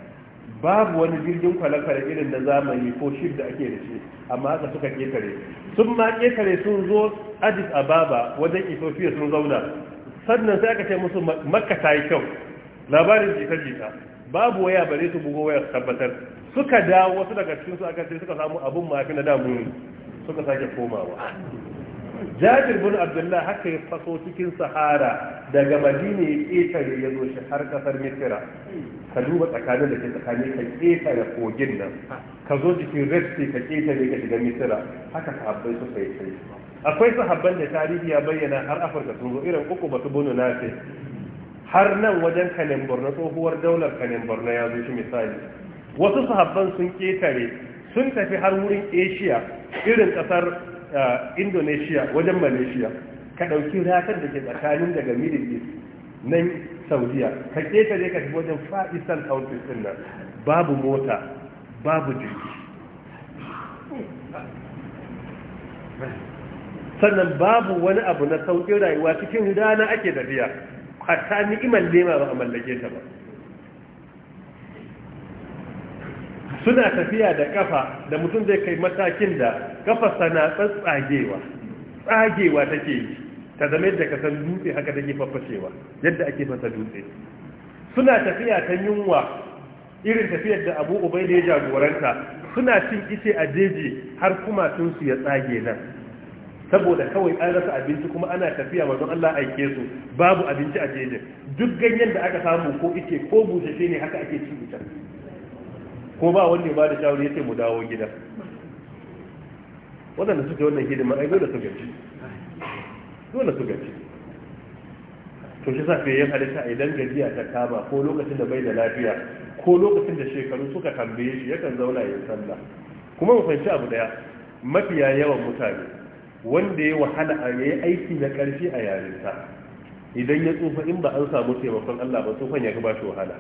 babu wani jirgin kwale-kwale irin na zamani ko shif da ake da shi amma haka suka ƙetare. sun ma sun zo addis ababa wajen ethiopia sun zauna sannan sai aka ce musu makka ta yi kyau labarin jita-jita babu waya bare su bugo waya su tabbatar suka dawo wasu daga cikin su aka ce suka samu abun mafi na damu suka sake komawa jabir bin abdullah haka ya faso cikin sahara daga madina ya ƙetare ya zo shi har kasar misira ka duba tsakanin da ke tsakanin ka ƙetare kogin nan ka zo cikin red sea ka ƙetare ka shiga misira haka sahabbai suka yi sai akwai sahabban da tarihi ya bayyana har afirka sun zo irin uku su bunu nace. har nan wajen kanin na tsohuwar daular kanin na ya shi misali wasu sahabban sun ƙetare sun tafi har wurin asia irin kasar Eh, indonesia wajen malaysia ka ɗauki ratar da ke tsakanin daga middle east nan saudiya ka ƙetare ka shiga wajen fa'isan countries ɗin nan babu mota babu jirgi sannan babu wani abu na sauƙin rayuwa cikin rana ake tafiya hatta ni'imar lema ba a mallake ta ba suna tafiya da kafa da mutum zai kai matakin da kafa na tsagewa tsagewa take yi ta zama yadda ka san dutse haka take faffashewa yadda ake fasa dutse suna tafiya ta yunwa irin tafiyar da abu ubai da ya jagoranta suna cin ice a jeji har kuma su ya tsage nan saboda kawai an rasa abinci kuma ana tafiya mazan Allah aike su babu abinci a jejin duk ganyen da aka samu ko ice ko bushe ne haka ake cin wutar ko ba wanda ba da shawari yace mu dawo gida wadanda suke wannan hidima ai dole su gaci dole su gaci to shi sa fiye halitta idan gajiya ta kama ko lokacin da bai da lafiya ko lokacin da shekaru suka tambaye shi yakan zauna ya sallah kuma mu fahimci abu daya mafiya yawan mutane wanda ya wahala a yayi aiki na karfi a yarinta idan ya tsufa in ba an samu taimakon Allah ba tsufan ya ga ba shi wahala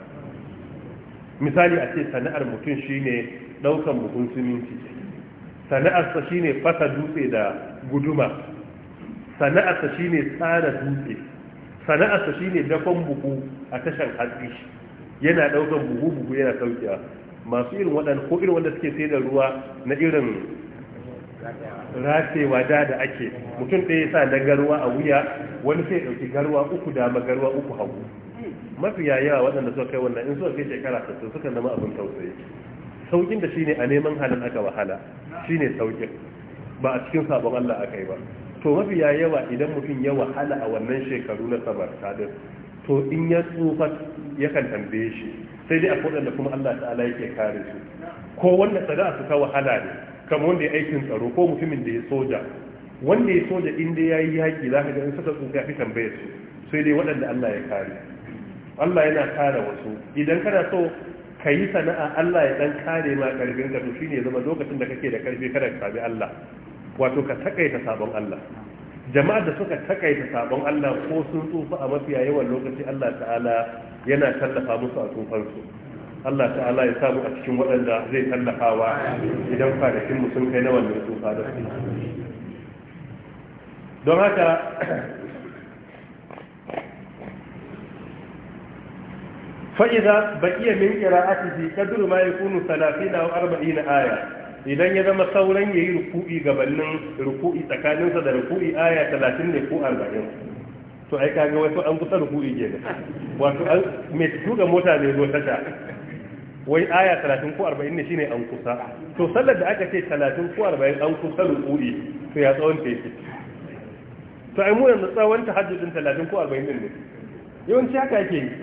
misali a ce sana'ar mutum shine daukan buhun siminti sana'arsa shine fasa dutse da guduma sana'arsa shine tsara dutse sana'arsa shine dakon buhu a tashan hatsi yana daukan buhu buhu yana saukiya masu irin waɗanda ko irin wanda suke sai da ruwa na irin ratewa da da ake mutum ɗaya sa na garwa a wuya wani sai ɗauki garwa uku dama garwa uku hagu mafiya yawa waɗanda suka kai wannan in suka kai shekara sassu suka zama abin tausayi saukin da shine a neman halin aka wahala shine saukin ba a cikin sabon Allah aka yi ba to mafiya yawa idan mutum ya wahala a wannan shekaru na sabar sadin, to in ya tsufa yakan tambaye shi sai dai a kodin waɗanda kuma Allah ta'ala yake kare su ko wanda sada su ta wahala ne kamar wanda ya aikin tsaro ko mutumin da ya soja wanda ya soja ya dai yaƙi, za ka ga in suka tsufa ya fi tambaye su sai dai waɗanda Allah ya kare Allah yana kare wasu idan kana so ka yi sana'a Allah ya dan kare ma karfin ka to shine zama lokacin da kake da karfi kada ka sabi Allah wato ka takaita sabon Allah jama'a da suka takaita sabon Allah ko sun tsufa a mafiya yawan lokaci Allah ta'ala yana tallafa musu a tsufansu Allah ta'ala ya samu a cikin waɗanda zai tallafawa idan kwanakin mu sun kai na wannan tsufa da su don haka fa'iza baƙiya min ƙira'atihi kadru ma yakunu 30 aw 40 aya idan ya zama sauran yi ruku'i gabanin ruku'i tsakaninsa da ruku'i aya 30 ne ko 40 to ai kaga wasu an kusa ruku'i ke da wato an mai tuka mota ne zo wai aya 30 ko arba'in ne shine an kusa to sallar da aka ce 30 ko arba'in an kusa ruku'i to ya tsawon ta yake to ai mu yanzu tsawon ko arba'in ne yawanci haka yake yi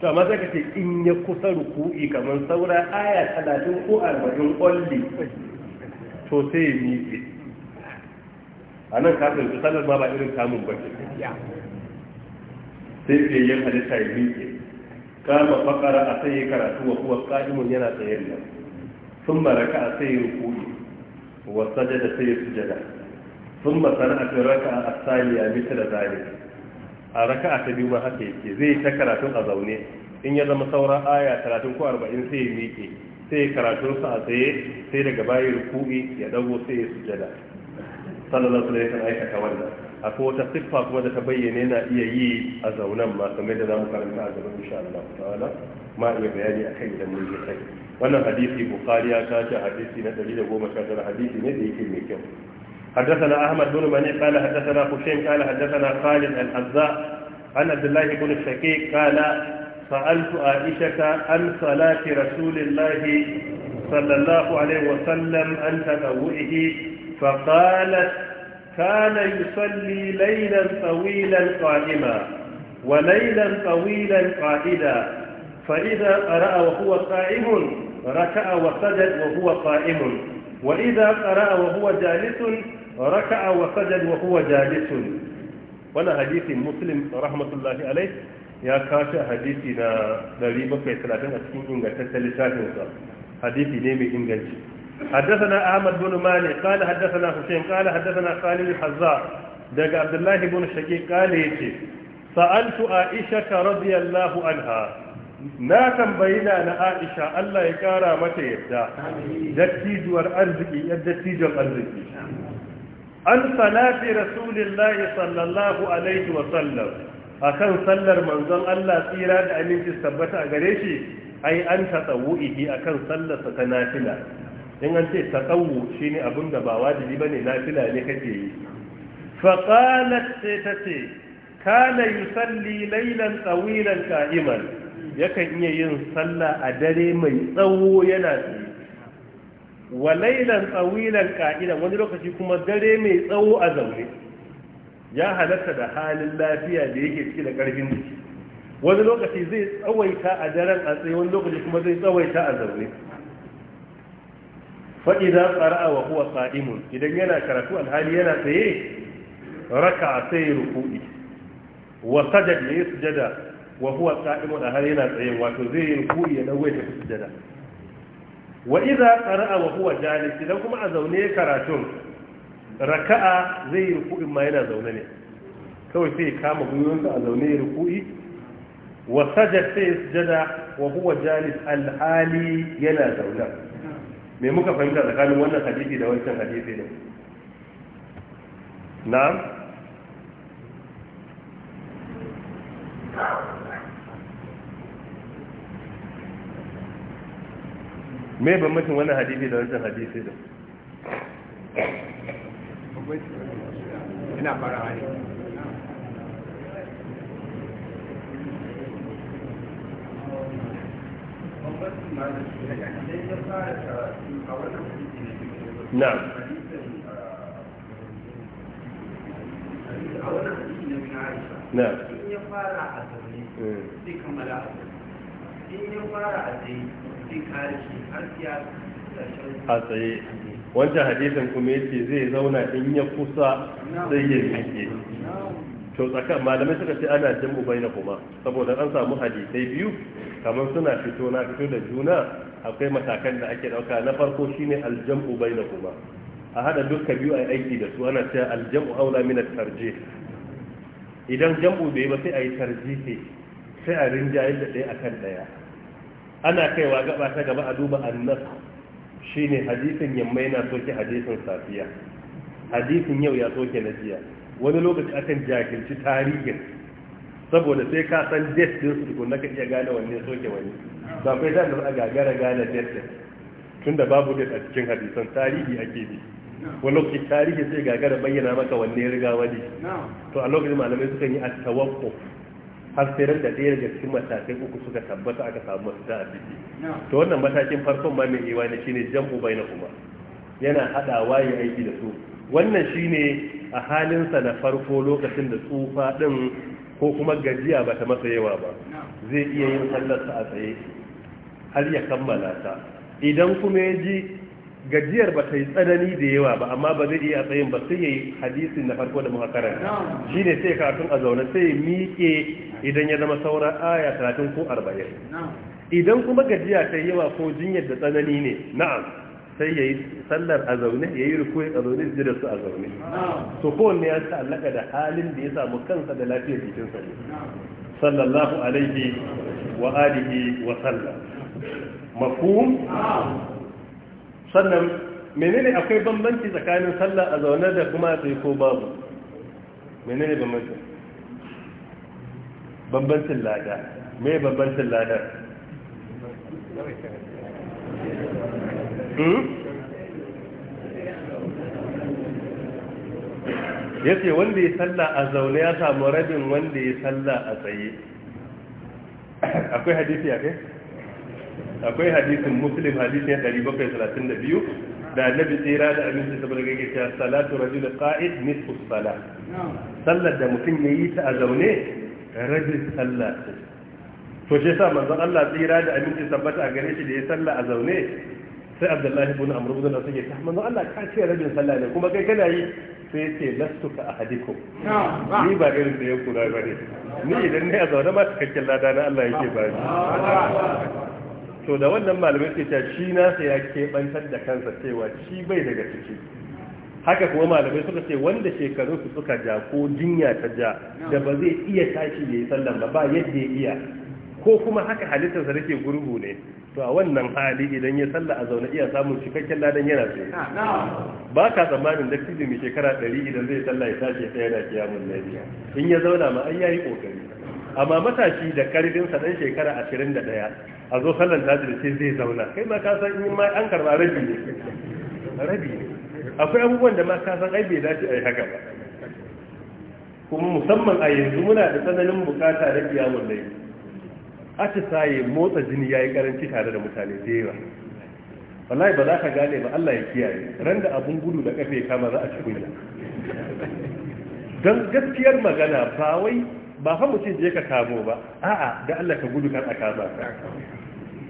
to amma sai ka ce in ya kusa ruku'i kamar saura aya talatin ko arba'in ƙwalli to sai ya miƙe a nan kafin su sanar ma ba irin samun ba ke sai ke yin halitta ya miƙe kama fakara a sai ya karatu wa kuwa ƙa'imun yana tsayar nan sun baraka a sai ya ruku'i wa sajada sai ya sujada sun masana a raka a asaliya mita da zalika a raka'a ta biyu ba haka yake zai ta karatun a zaune in ya zama saura aya talatin ko arba'in sai ya miƙe sai ya karatun sa a tsaye sai daga bayan ruku'i ya dago sai ya sujada sallallahu alaihi wasallam aikata wannan akwai wata siffa kuma da ta bayyana yana iya yi a zaunan ma kamar da zamu karanta a gaban insha Allah ta'ala ma iya bayani akan idan mun je kai wannan hadisi bukhari ya kace hadisi na 119 hadisi ne da yake mai kyau حدثنا أحمد بن منيع قال حدثنا خشيم قال حدثنا خالد الحذاء عن عبد الله بن الشقيق قال سألت عائشة عن صلاة رسول الله صلى الله عليه وسلم عن تنوعه فقالت كان يصلي ليلا طويلا قائما وليلا طويلا قائدا فإذا قرأ وهو قائم ركع وسجد وهو قائم وإذا قرأ وهو جالس raka'a wa sajad wa huwa jalisun wannan hadisin muslim rahmatullahi alai ya kashi hadisi na 730 a cikin ingantaccen littafinsa hadisi ne mai inganci حدثنا أحمد بن مالك قال حدثنا حسين قال حدثنا خالد الحزار دق عبد الله بن الشقيق قال يتي سألت عائشة رضي الله عنها na tambayi na aisha Allah ya kara mata yadda dattijuwar arziki yadda dattijon arziki an salati rasulillahi sallallahu alaihi wa sallam akan sallar manzon Allah tsira da aminci tabbata a gare shi ai an tatawuhi akan sallar sa ta nafila in an ce tatawu shine abin da ba wajibi bane nafila ne kake yi fa qalat sai tace kana yusalli laylan tawilan qa'iman yakan iya yin sallah a dare mai tsawo yana tsaye wa lailan tsawilan ka'idan wani lokaci kuma dare mai tsawo a zaune ya halatta da halin lafiya da yake ciki da karfin jiki wani lokaci zai tsawaita a daren a tsaye wani lokaci kuma zai tsawaita a zaune faɗi za tsara wa huwa sa'imun idan yana karatu alhali yana tsaye raka sai ruku'i wa sajad ya yi sujada wa huwa sa'imun hali yana tsaye wato zai yi ruku'i ya ɗauke ta sujada wa idza qara'a wa huwa jalis idan kuma a zaune karatun raka'a zai yi ruku'i ma yana zaune ne kawai sai kama da a zaune ya ruku'i wa sajad sai sujada wa huwa jalis alhali yana zaune me muka fahimta tsakanin wannan hadisi da wancan hadisi ne na'am me bambancin wannan hadisi da wancan hadisi da na na in ya fara a zaune eh. zai kammala a zaune in ya fara a zaune a tsaye wancan hadisin kuma ce zai zauna in ya kusa sai yi miƙe to tsakan malamai suka ce ana jin ubai na kuma saboda an samu hadisai biyu kamar suna fito na fito da juna akwai matakan da ake dauka na farko shine aljam ubai na kuma a hada duka biyu a aiki da su ana cewa aljam'u aula mina tarje. idan jam'u bai ba sai a yi tarjihi sai a rinjaye da ɗaya a kan ɗaya ana kaiwa gaba ta gaba a duba annas shine hadisin yamma yana soke hadisin safiya hadisin yau ya soke na jiya wani lokaci akan jahilci tarihin saboda sai ka san date din su tukunna ka iya gane wanne soke wani ba kai da a gagara gane date din tunda babu date a cikin hadisan tarihi ake bi wani lokaci tarihi sai gagara bayyana maka wanne riga wani to a lokacin malamai sukan yi at-tawaqquf har sai ran da ɗaya daga cikin matakai uku suka tabbata aka samu masu a ciki to wannan matakin farkon ma mai iwa ne shine jam'u baina kuma yana hadawa ya aiki da su wannan shine a halinsa na farko lokacin da tsufa din ko kuma gajiya ba ta masa yawa ba zai iya yin sallarsa a tsaye har ya kammala ta idan kuma ya ji gajiyar ba ta yi tsanani da yawa ba amma ba zai iya tsayin ba sai ya yi hadisin na farko da muka karanta shi ne sai karatun a zaune sai ya miƙe idan ya zama sauran aya talatin ko arba'in idan kuma gajiya ta yawa ko jinyar da tsanani ne na'am sai ya yi sallar a zaune ya yi rikoyi a zaune su da su a zaune to kowanne ya allaka da halin da ya samu kansa da lafiyar jikinsa ne sallallahu alaihi wa alihi wa sallam mafhum sannan menene akwai bambanci tsakanin sallah a zaune da kuma tsaye ko babu menene bambanci bambancin lada me bambancin lada hmm? ya ce wanda ya salla a zaune ya samu rabin wanda ya salla a tsaye akwai hadisi a kai akwai hadisin muslim hadisin 732 da annabi tsira da abinci saboda gage ta salatu rajul qa'id nisfu sala sallar da mutum yayi ta a zaune rajul sallah to shi sa manzon Allah tsira da abinci sabbata a gare shi da ya salla a zaune sai Abdullahi ibn Amr ibn Nasir ya ta ah, manzon Allah ka ce rajul salla ne kuma kai kana yi sai ya ce lastu ka ahadikum ni ba irin da ya kura bane ni idan ne a zaune ma cikakken lada na Allah yake bani to da wannan malamai ke cewa shi nasa ya keɓantar da kansa cewa shi bai daga ciki haka kuma malamai suka ce wanda shekaru su suka ja ko jinya ta ja da ba zai iya tashi da yi sallan ba ba yadda ya iya ko kuma haka halittarsa sa ke gurgu ne to a wannan hali idan ya salla a zaune iya samun cikakken ladan yana tsaye ba ka tsammanin kiji mai shekara ɗari idan zai salla ya tashi ta yana kiyamun lafiya in ya zauna ma ai yayi kokari amma matashi da karfin sa dan shekara ashirin da ɗaya a zo sallar sai zai zauna kai ma ka san in ma an karba rabi ne rabi ne akwai abubuwan da ma ka san ai bai dace ai haka ba kuma musamman a yanzu muna da tsananin bukata da kiyamun ta atisaye motsa jini yayi karanci tare da mutane da yawa wallahi ba za ka gane ba Allah ya kiyaye ran da abun gudu da kafe kama za a ci kunya don gaskiyar magana ba wai ba fa mutum je ka kamo ba a'a da Allah ka gudu kan a kama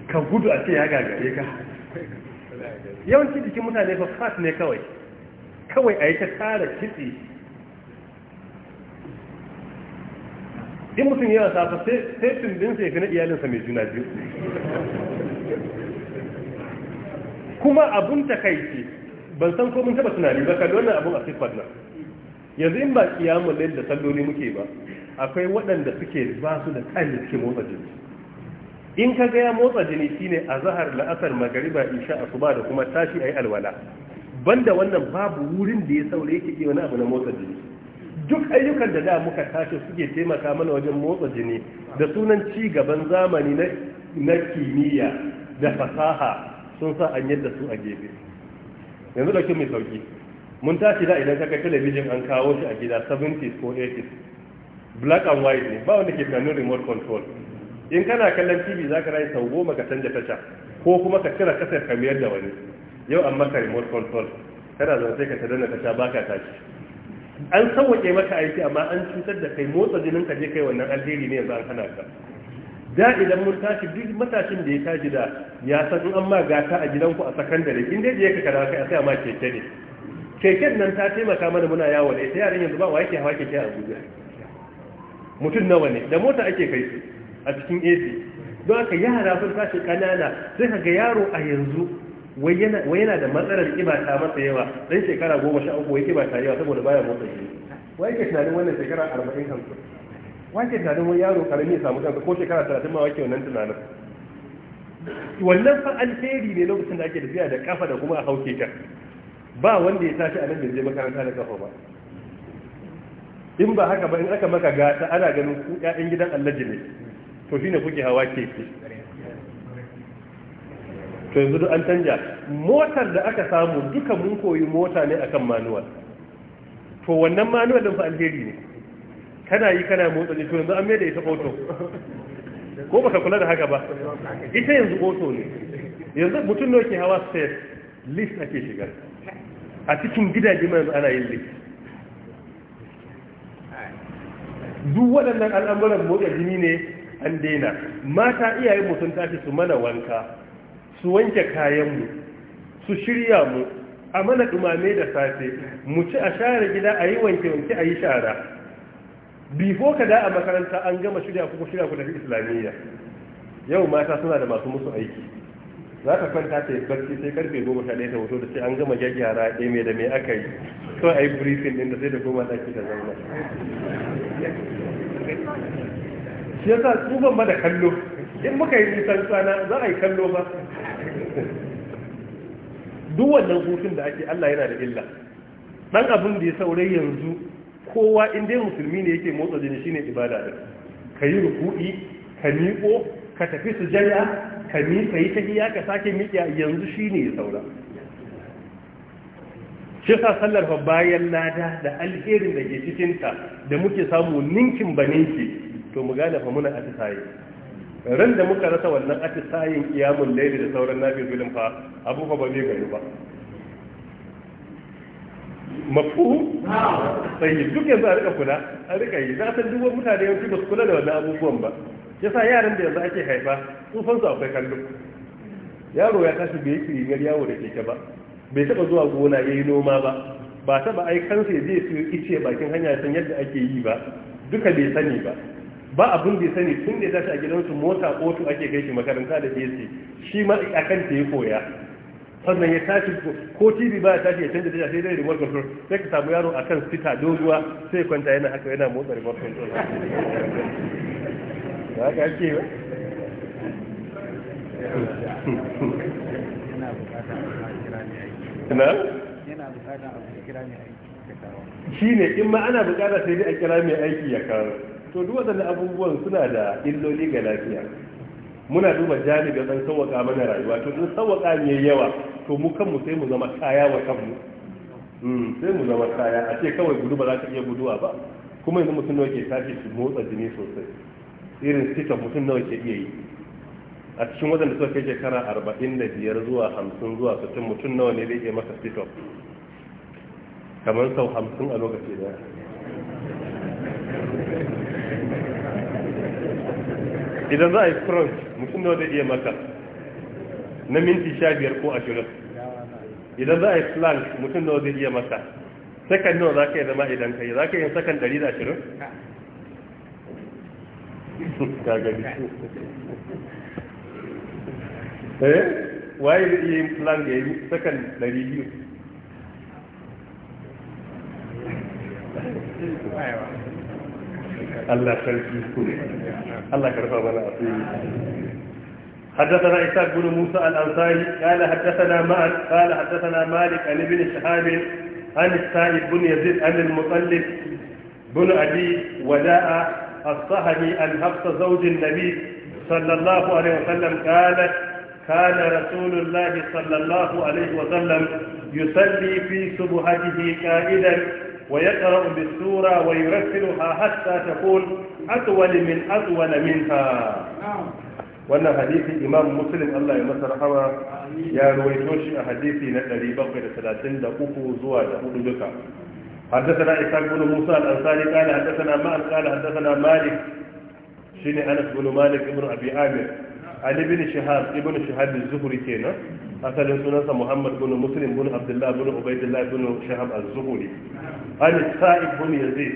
ka gudu a ce ya gagare ka yawanci jikin mutane fa fat ne kawai kawai a yi ta tsara kitse in mutum yawan safa sai tumbinsa ya fi na iyalinsa mai juna biyu kuma abun ta takaici ban san ko taba tunani ba kalli wannan abun a siffar nan yanzu in ba kiyamun da salloli muke ba akwai waɗanda suke ba su da kan da suke motsa jiki in ka ga ya motsa jini shine azhar la'asar magariba isha asuba da kuma tashi yi alwala banda wannan babu wurin da ya saure yake iya wani abu na motsa jini duk ayyukan da da muka tashi suke taimaka mana wajen motsa jini da sunan ci gaban zamani na na kimiyya da fasaha sun sa an yadda su a gefe yanzu da mai sauki mun tashi da idan kaga talabijin an kawo shi a gida 70s ko 80s black and white ne ba wanda ke tunanin remote control in kana kallon tv za ka rayu sau goma ka canja tasha ko kuma ka cire kasar ka mayar da wani yau an maka remote control kana zan sai ka ta danna tasha baka tashi an sauwaƙe maka aiki amma an cutar da kai motsa jinin ka je kai wannan alheri ne yanzu an hana ka da idan mun tashi duk matashin da ya tashi da ya san in an ma gata a gidanku a sakandare in dai je ka kada kai a sai ma keke ne keken nan ta taimaka mana muna yawo da ita yaran yanzu ba wa yake hawa keke a Abuja mutum nawa ne da mota ake kai su a cikin ac don haka yara sun tashi kanana sai ka ga yaro a yanzu wai yana da matsalar kiba ta masa yawa dan shekara goma sha uku wai kiba ta yawa saboda baya motsa shi wai ke tunanin wannan shekara arba'in hamsin wai ke tunanin wani yaro karami ya samu kansa ko shekara talatin ma wake wannan tunanin wannan fa alheri ne lokacin da ake tafiya da kafa da kuma a hauke ka ba wanda ya tashi a nan da zai makaranta da kafa ba in ba haka ba in aka maka gata ana ganin ku 'ya'yan gidan Allah ne to shine kuke hawa keke to yanzu an canja motar da aka samu duka mun koyi mota ne akan manuwal to wannan manuwal din fa alheri ne kana yi kana motsa ne to yanzu an maida ita auto ko baka kula da haka ba ita yanzu auto ne yanzu mutum ne ke hawa list a ake shiga a cikin gidaje mai yanzu ana yin list. duk waɗannan al'amuran motsa jini ne an daina mata iyayenmu sun tashi su mana wanka su wanke kayanmu su shirya mu a mana dumame da safe mu ci a share gida a yi wanke wanke a yi shara bifo ka da a makaranta an gama shirya ku shirya ku tafi islamiyya yau mata suna da masu musu aiki za ka kwanta ta yi barci sai karfe goma sha ɗaya ta hoto da sai an gama gyaggyara ɗaya mai da mai aka yi kawai a yi briefing ɗin da sai da goma ɗaki ta zama shi yasa ban ba da kallo in muka yi nisan tsana za a yi kallo ba duk wannan hutun da ake Allah yana da illa dan abin da ya saurayi yanzu kowa in dai musulmi ne yake motsa jini shine ibada da ka yi rukudi ka miƙo ka tafi su sujada ka miƙa yi tafiya, ka sake miƙa, yanzu shine ya saura shi sa sallar fa bayan lada da alherin da ke cikinta da muke samu ninkin baninki to mu gane fa muna atisaye ran da muka rasa wannan atisayin iyamun laili da sauran nafilin fa abubuwa ba zai gani ba mafu sai duk yanzu a rika kula a rika yi za san duk mutane yanzu ba su kula da wannan abubuwan ba yasa yaran da yanzu ake haifa tsufan su akwai kallo yaro ya tashi bai yi yar yawo da keke ba bai taba zuwa gona ya yi noma ba ba taba ai kansa ya je su ice bakin hanya san yadda ake yi ba duka bai sani ba ba abin bai sani tun da ya tashi a gidansu mota kotu ake kai shi makaranta da AC shi ma a kan ta yi koya sannan ya tashi ko TV ba ya tashi ya canza tasha sai dai remote control sai ka samu yaro a kan sita doguwa sai kwanta yana haka yana motsa remote control ba haka ake ba na? abu kira mai aiki ya kawo shi ne in ma ana bukata sai dai a kira mai aiki ya kawo to duk waɗannan abubuwan suna da illoli ga lafiya muna duba janibin dan sauwaka mana rayuwa to in sauwaka ne yawa to mu kanmu sai mu zama kaya wa kanmu hmm, sai mu zama kaya a ce kawai gudu ba za ka iya guduwa ba kuma yanzu mutum nawa ke tashi su motsa jini sosai irin sita mutum nawa ke iya yi a cikin wadanda suka kai shekara arba'in da biyar zuwa hamsin zuwa sittin mutum nawa ne zai iya masa sita kamar sau hamsin a lokaci daya idan za a yi front mutum da zai iya maka na minti sha biyar ko shirin idan za a yi slang mutum da zai iya maka sakan nawa za ka yi zama idan ka yi za ka yi sakan ɗari da ashirin eh waye da iya yin slang ya yi sakan ɗari biyu Thank you. الله سلكي كل الله كرفا بلا أصيل حدثنا إسحاق بن موسى الأنصاري قال حدثنا معن قال حدثنا مالك عن ابن شهاب عن السائب بن يزيد عن المطلب بن أبي وداء الصهمي عن حفصة زوج النبي صلى الله عليه وسلم قالت كان رسول الله صلى الله عليه وسلم يصلي في سبحته قائدا ويقرأ بالسورة ويرسلها حتى تكون أطول من أطول منها wannan hadisi imam muslim Allah ya masa rahama ya ruwaito shi a hadisi na 733 zuwa da hudu duka حدثنا إسحاق بن موسى الأنصاري قال حدثنا معن قال حدثنا مالك شيني أنس بن مالك بن أبي عامر عن ابن شهاب ابن شهاب الزهري كينا asalin sunansa muhammad bin muslim bin abdullah bin ubaidullah bin shahab az-zuhri an sa'id bin yazid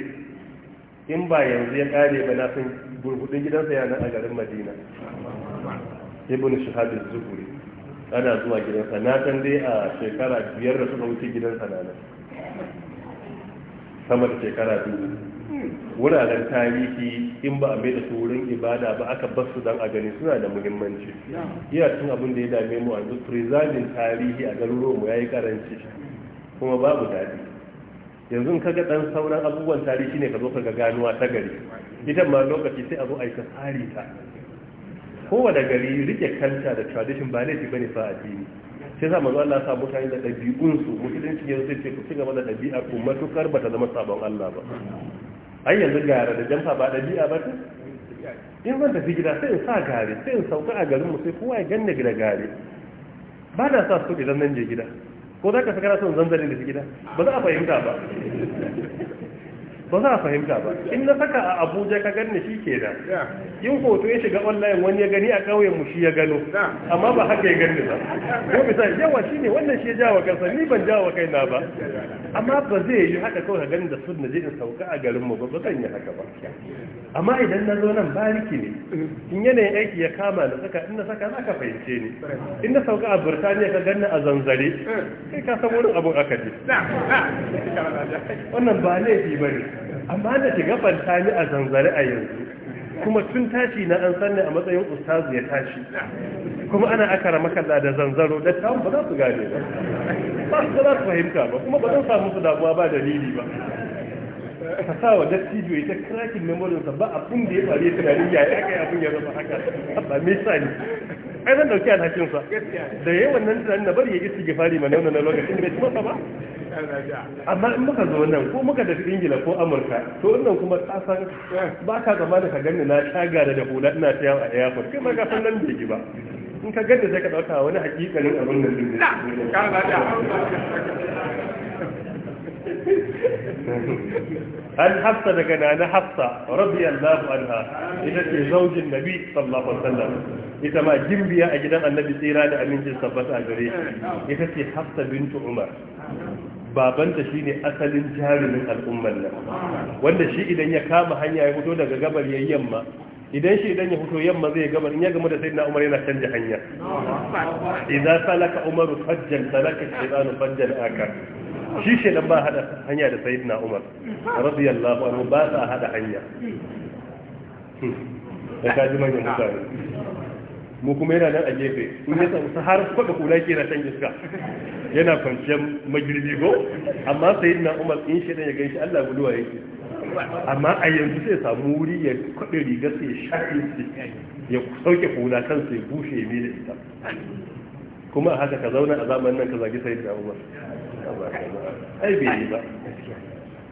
in ba yanzu ya kare ba na san gurgudun gidansa yana a garin madina ibn shahab az-zuhri ana zuwa gidansa na san dai a shekara biyar da suka wuce gidansa na nan sama da shekara biyu wuraren tarihi in ba a mai da su wurin ibada ba aka bar su don a gani suna da muhimmanci iya tun abin da ya dame mu a preserving tarihi a garuruwan mu yayi karanci kuma babu daɗi yanzu ka ga dan sauran abubuwan tarihi ne ka zo ka ga ganuwa ta gari idan ma lokaci sai a zo a yi ta tsari ta kowane gari rike kanta da tradition ba laifi bane fa addini sai sa manzo Allah sa mutane da ɗabi'un su musulunci yanzu sai ce ku ci da ɗabi'a ku matukar bata zama sabon Allah ba ai yanzu gara da jamfa ba ɗabi'a ba ta in zan tafi gida sai in sa gare sai in sauka a garin mu sai kowa ya ganna gida gare ba na sa su idan nan je gida ko za ka sakara son zanzare da gida ba za a fahimta ba ba za a fahimta ba in na saka a abuja ka gani shi ke da yin hoto ya shiga online wani ya gani a ƙauyen mu shi ya gano amma ba haka ya gani ba ko misali yawa shi ne wannan shi ya jawa kansa ni ban kai na ba amma ba zai yi haka kawai ka gani da na je in sauka a garin mu ba ba zan yi haka ba amma idan na zo nan bariki ne in yanayin aiki ya kama na saka in saka za ka fahimce ni in na sauka a burtaniya ka ganna a zanzare kai ka san wurin abun aka je wannan ba laifi ba ne amma da shiga banta ni a zanzare a yanzu kuma tun tashi na an ne a matsayin ustazu ya tashi kuma ana akara makalla da zanzaro da tawon ba za su gane ba ba su za su fahimta ba kuma ba zan samu su damuwa ba dalili ba ka sa wa dattijo ita krakin memorinsa ba abin da ya faru ya tunanin ya yi aka yi abin ya zama haka ba me sa ne ai zan dauki alhakinsa da yawan nan tunanin na bari ya isi gifari ma mana wannan lokacin da bai ba amma in muka zo nan ko muka da ingila ko amurka to wannan kuma ka san eh. ba ka zama da ka gani na shagara da hula ina tayar a airport kai ma ka san nan bai ba in ka gani sai ka dauka wani hakikalin abin da zai ne an hafsa daga nana hafsa radiyallahu anha ita ce zaujin nabi sallallahu alaihi wasallam ita ma jimbiya a gidan annabi tsira da amincin sabbata a gare shi ita ce hafsa bintu umar babanta shine asalin jarumin al'ummar nan wanda shi idan ya kama hanya ya fito daga gabar ya yamma idan shi idan ya fito yamma zai gabar, in ya gama da sayyidina umar yana canja hanya idan salaka umaru fajjan salaka shaytanu fajjan aka shi shi nan ba hada hanya da sayyidina umar radiyallahu anhu ba sa hada hanya hmm. da kaji manyan mutane mu kuma yana nan a gefe in ya samu har kwaɗa kula ke na can iska yana kwanciyar magirbi go amma sayyidina umar in shi dan ya shi Allah guduwa yake amma a yanzu sai samu wuri ya kwaɗa rigar sai ya shafi ya sauke kula kansa ya bushe ya da ita kuma a haka ka zauna a zamanin nan ka zagi sayyidina umar ai bai yi ba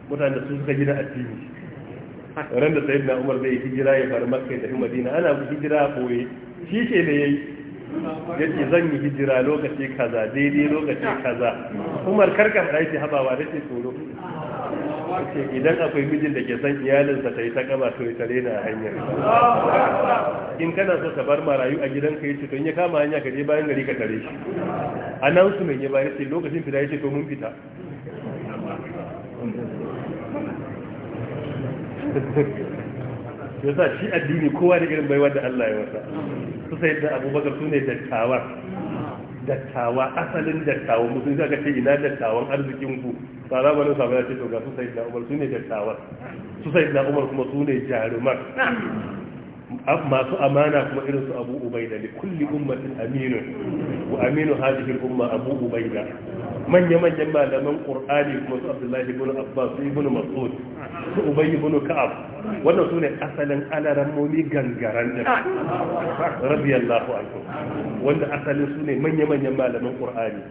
mutane da suka gida a tv ran da sayyidina umar zai hijira ya faru makka da madina ana hijira boye shi ke da yayi yace zan yi hijira lokaci kaza daidai lokaci kaza umar karkar da shi habawa da ke tsoro yace idan akwai mijin da ke san iyalinsa ta yi ta kama to ita rena a hanyar in kana so ka bar marayu a gidanka yace to in ya kama hanya ka je bayan gari ka tare shi announcement ya bayar ce lokacin fita ya ce to mun fita yasa shi addini kowa da irin baiwa da Allah ya wasa su sai da abubakar su ne dattawa dattawa asalin dattawa mutum zaka ce ina dattawan arzikin ku tsara bane sabu ya ce to ga su sai da umar su ne dattawa su sai da umar kuma su ne jarumar. masu amana kuma irin su abu ubaida li kulli ummatin aminu wa aminu hadhihi al-umma abu ubayda manya manyan malaman qur'ani kuma su abdullahi ibn abbas ibn mas'ud su ubay ibn ka'ab wannan sune asalin alaran momi gangaran da radiyallahu anhu wanda asalin sune manya manyan malaman qur'ani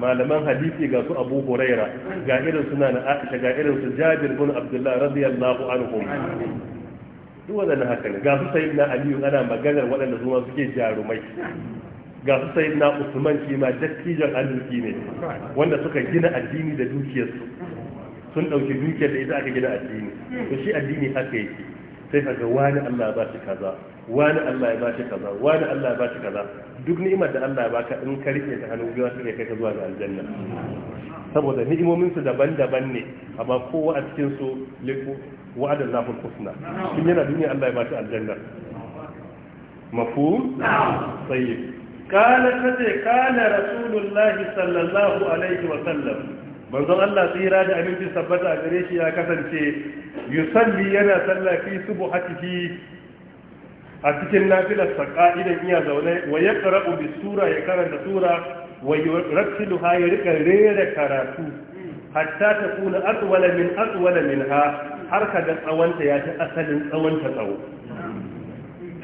malaman hadisi ga su abu huraira ga irin suna na aisha ga irin su jabir ibn duk waɗannan haka ne ga su sayi na aliyu ana maganar waɗanda su suke jarumai ga su sai na usman shi ma dattijan arziki ne wanda suka gina addini da dukiyarsu sun ɗauki dukiyar da ita aka gina addini to shi addini haka yake sai ka ga wani Allah ya ba shi kaza wani Allah ya ba shi kaza wani Allah ya ba shi kaza duk ni'imar da Allah ya baka in ka rike ta hannu biyu sai kai ka zuwa ga aljanna saboda ni'imomin su daban-daban ne amma kowa a cikin su liku wa'ada Allahu husna kin yana duniya Allah ya ba shi aljanna mafhum tayyib kala tace kala rasulullahi sallallahu alaihi wa sallam manzon Allah tsira da abincin sabbata a gare shi ya kasance yusalli yana sallafi fi subhatihi a cikin nafilar saƙa'idan iya zaune wa ya ƙara'u bi sura ya karanta sura wa yi ha ya rika rera karatu hatta ta kuna atwala min atwala min ha har ka ga tsawonta ya ta asalin tsawonta tsawo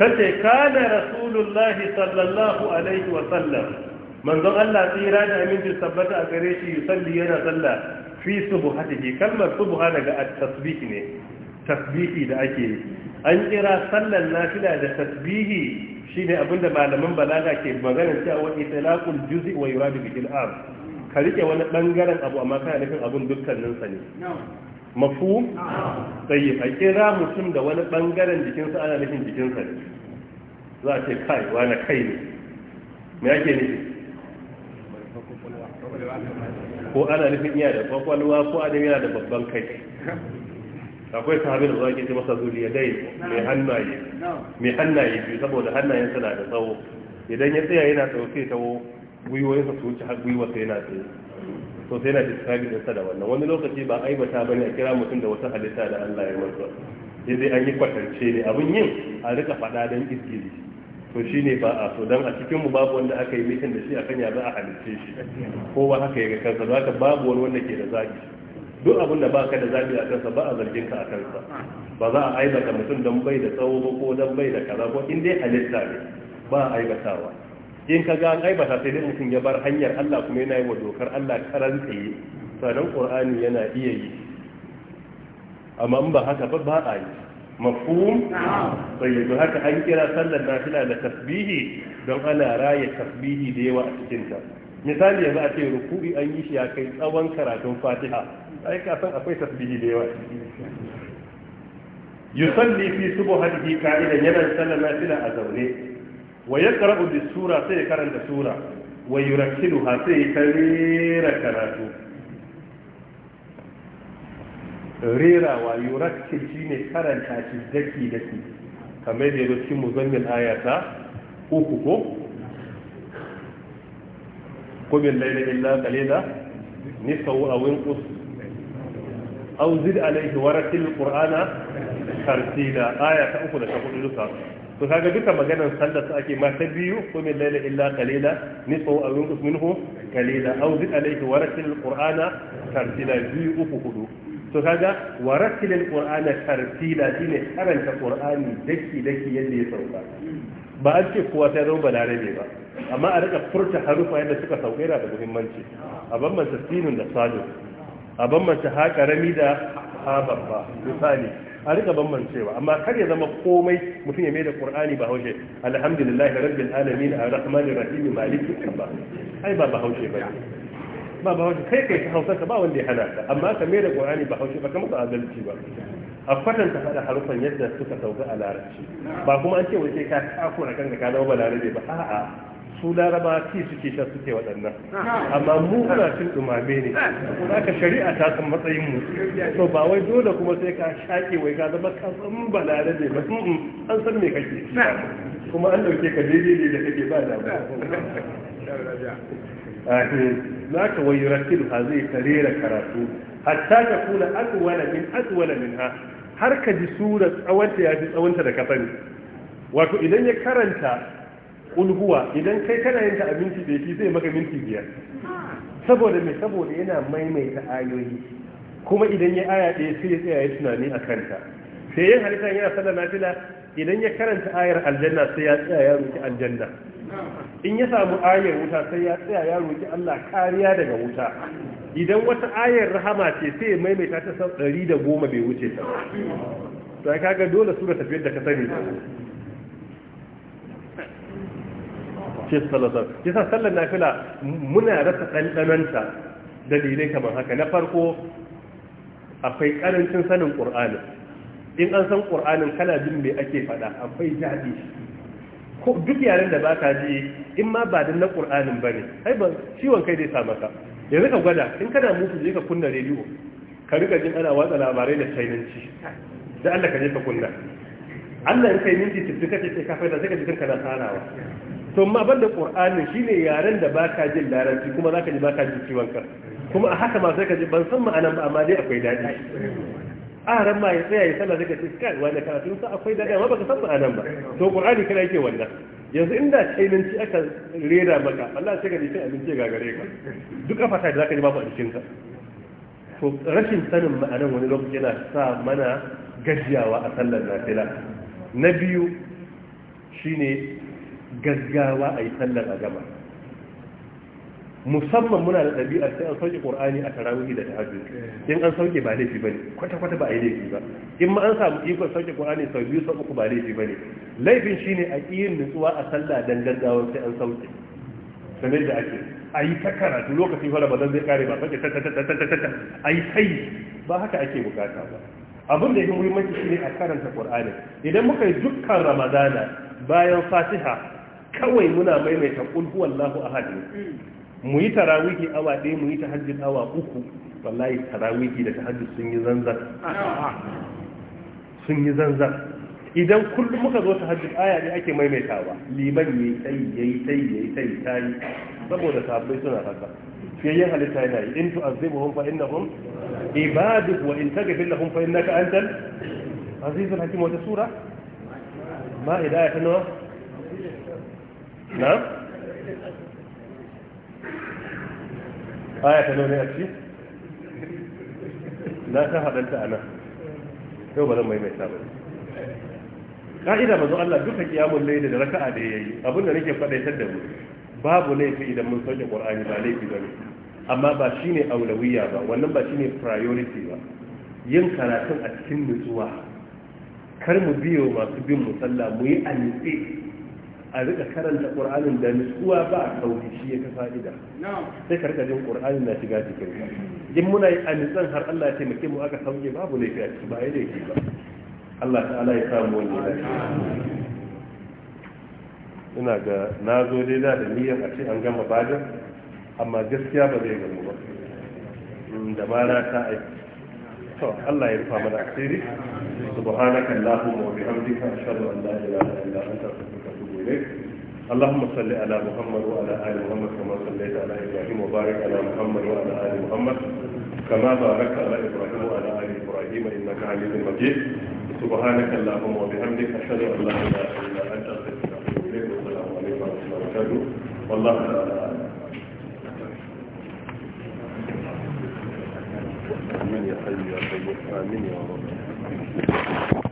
tace kana rasulullahi sallallahu alaihi wa sallam manzon Allah tsira da aminci sabbata a gare shi yusalli yana sallah fi subhatihi kalmar subha daga at-tasbih ne tasbihi da ake an kira sallar nafila da tasbihi shine abinda malaman balaga ke magana cewa itlaqul juz'i wa yuradu bil am ka rike wani bangaren abu amma kana nufin abun dukkanin sa ne mafu tsayi a kira mutum da wani bangaren jikinsa ana nufin jikinsa ne za a ce kai wani kai ne me ake nufi ko ana nufin iya da kwakwalwa ko ana yana da babban kai akwai sahabi da zuwa ke ce masa ya dai mai hannaye mai hannaye biyu saboda hannayen suna da tsawo idan ya tsaya yana tsawo sai tawo gwiwoyinsa su wuce har gwiwarsa yana tsaye to sai na describe din da wannan wani lokaci ba aibata ne a kira mutum da wata halitta da Allah ya mutu sai dai an yi kwatance ne abin yin a rika faɗa dan iskili to shine ba a so dan a cikin mu babu wanda aka yi mikin da shi akan ya za a halitta shi kowa haka ya ga kansa ka babu wani wanda ke da zaki duk abin da baka da zabi a kansa ba a zargin ka a kansa ba za a aibata mutum dan bai da tsawo ko dan bai da kaza ko in dai halitta ne ba a aibatawa in ka ga an aibata sai dai mutum ya bar hanyar Allah kuma yana yi wa dokar Allah karan tsaye sanan qur'ani yana iya yi amma in ba haka ba ba a yi mafhum sai haka an kira sallar nafila da tasbihi don ana raya tasbihi da yawa a cikin ta misali yanzu a ce ruku'i an yi shi ya kai tsawon karatun fatiha ai ka san akwai tasbihi da yawa yusalli fi subhanahu ka'idan yana sallar nafila a zaune wa ya karabu da sura sai ya karanta sura wa yi rakinu ha sai ya rera karatu rera wa yi shi ne karanta shi daki-daki kamar da ya rukin muzammin ayata uku ko kubin lailin lalata da nisa wa awin kusa auzid alaihi wa rakin qur'ana tartila aya ta uku da ta hudu to kaga duka maganar sallar su ake mata biyu ko min laila illa qalila nisfu aw yunqus minhu qalila aw zid alayhi waratil qur'ana tartila biyu uku hudu to kaga waratil qur'ana tartila shine karanta qur'ani daki daki yadda ya sauka ba a ce kowa sai zama balarabe ba amma a rika furta harufa yadda suka sauka yana da muhimmanci a bambanta sinin da salin a bambanta haƙarami da ha babba misali a rika bambancewa amma kar ya zama komai mutum ya mai da qur'ani ba haushe alhamdulillahi rabbil alamin arrahmanir rahim maliki ba ai ba ba haushe ba ba ba haushe kai kai hausa ka ba wanda ya hana ka amma ka mai da qur'ani ba haushe ba kamar ba azalci ba a kwatanta hada harufan yadda suka sauka a larabci ba kuma an ce wace ka kafura kanka ka zama balarabe ba a'a su laraba ci suke sha suke waɗannan amma mu muna cin dumame ne ka shari'a ta san matsayin mu to ba wai dole kuma sai ka shaƙe wai ka zama ka san balare ne ba an san me kake kuma an ɗauke ka daidai ne da kake ba da za ka wayi rakil ha zai karera karatu hatta ka kula azwala min min ha. har ka ji sura tsawanta ya ji tsawanta da ka sani wato idan ya karanta ulhuwa idan kai kana yin ta a da shi zai maka minti biyar saboda me saboda yana maimaita ayoyi kuma idan ya aya ɗaya sai ya tsaya ya tunani a kanta sai yin halitta yana sallar nafila idan ya karanta ayar aljanna sai ya tsaya ya roki aljanna in ya samu ayar wuta sai ya tsaya ya roki Allah kariya daga wuta idan wata ayar rahama ce sai ya maimaita ta sau ɗari da goma bai wuce ta ba. Sai kaga dole su ga tafiyar da ka sani ce sallallahu yasa sallar nafila muna rasa ɗanɗananta dalilai kamar haka na farko akwai ƙarancin sanin ƙur'ani in an san ƙur'anin kala jin me ake faɗa akwai jaɗi ko duk yaren da baka ji in ma ba dan na ƙur'anin ne ai ba ciwon kai zai sa maka yanzu ka gwada in kana mutu je ka kunna rediyo ka riga jin ana watsa labarai da tainanci, da Allah ka je ka kunna Allah in kai minti 60 kace ce ka faida sai ka ji kanka na sanawa to amma banda qur'ani shine yaren da baka jin laranci kuma zaka ji baka jin ciwon ka kuma a haka ma sai ka ji ban san ma'anan ba amma dai akwai dadi a ran ma ya tsaya ya sallah sai ka ce kai wanda karatun sa akwai dadi amma baka san ma'anan ba to qur'ani kana yake wannan yanzu inda kainanci aka rera maka Allah sai ka ji cin abinci ga gare ka duk fata da zaka ji babu a cikin ka to rashin sanin ma'anan wani lokaci yana sa mana gajiyawa a sallar nafila na biyu shine gaggawa a yi sallar a gama musamman muna da ɗabi'ar sai an sauke ƙur'ani a tarawihi da tahajjud in an sauke ba laifi bane kwata kwata ba a yi laifi ba in ma an samu ikon sauke ƙur'ani sau biyu sau uku ba laifi bane laifin shine a ƙiyin nutsuwa a sallah don gaggawa sai an sauke sanar da ake a yi ta karatu lokacin fara ba zan zai kare ba sauke ta-ta-ta-ta-ta a yi sai ba haka ake bukata ba abin da ya muhimmanci shine a karanta ƙur'ani idan muka yi dukkan ramadana bayan fatiha kawai muna maimaita kul huwallahu ahad mm. mu yi tarawihi awa ɗaya mu yi tahajjud awa uku wallahi tarawihi da tahajjud sun yi zanzan ah. sun yi zanzan idan kullum muka zo tahajjud aya ne ake maimaitawa liman yi tai yayi tai yayi tai tai saboda sabai suna haka yin halitta yana yi in tu'azzibuhum fa innahum Ibadu wa in taghfir lahum fa innaka antal azizul hakim wata sura ma'ida ya nawa na aya ta nuna a ci na ta haɗanta a nan yau ba zan maimaita ba ka'ida mazu Allah duka kiyamun laida da raka'a da yayi abinda nake faɗaitar da mu babu laifi idan mun sauke qur'ani ba laifi bane amma ba shine aulawiya ba wannan ba shine priority ba yin karatun a cikin nutsuwa kar mu biyo masu bin musalla mu yi a a rika karanta ƙur'anin da nutsuwa ba a kauki shi ya kafa ida sai ka rika jin qur'anin na shiga cikin ka in muna yi a nutsan har Allah ya taimake mu aka sauke babu ne fiye ba ya laifi ba Allah ta'ala ya samu wani lafiya ina ga na zo dai da da niyyar a ce an gama bajin amma gaskiya ba zai gamu ba mm, da ma ta aiki to Allah ya rufa mana asiri subhanaka allahumma wa bihamdika ashhadu an la ilaha illa anta astaghfiruka إليك اللهم صل على محمد وعلى آل محمد كما صليت على إبراهيم وبارك على محمد وعلى آل محمد كما باركت على إبراهيم وعلى آل إبراهيم إنك حميد مجيد سبحانك اللهم وبحمدك أشهد أن لا إله إلا أنت أستغفرك إليك والسلام عليكم ورحمة الله وبركاته والله تعالى أعلم يا آمين يا رب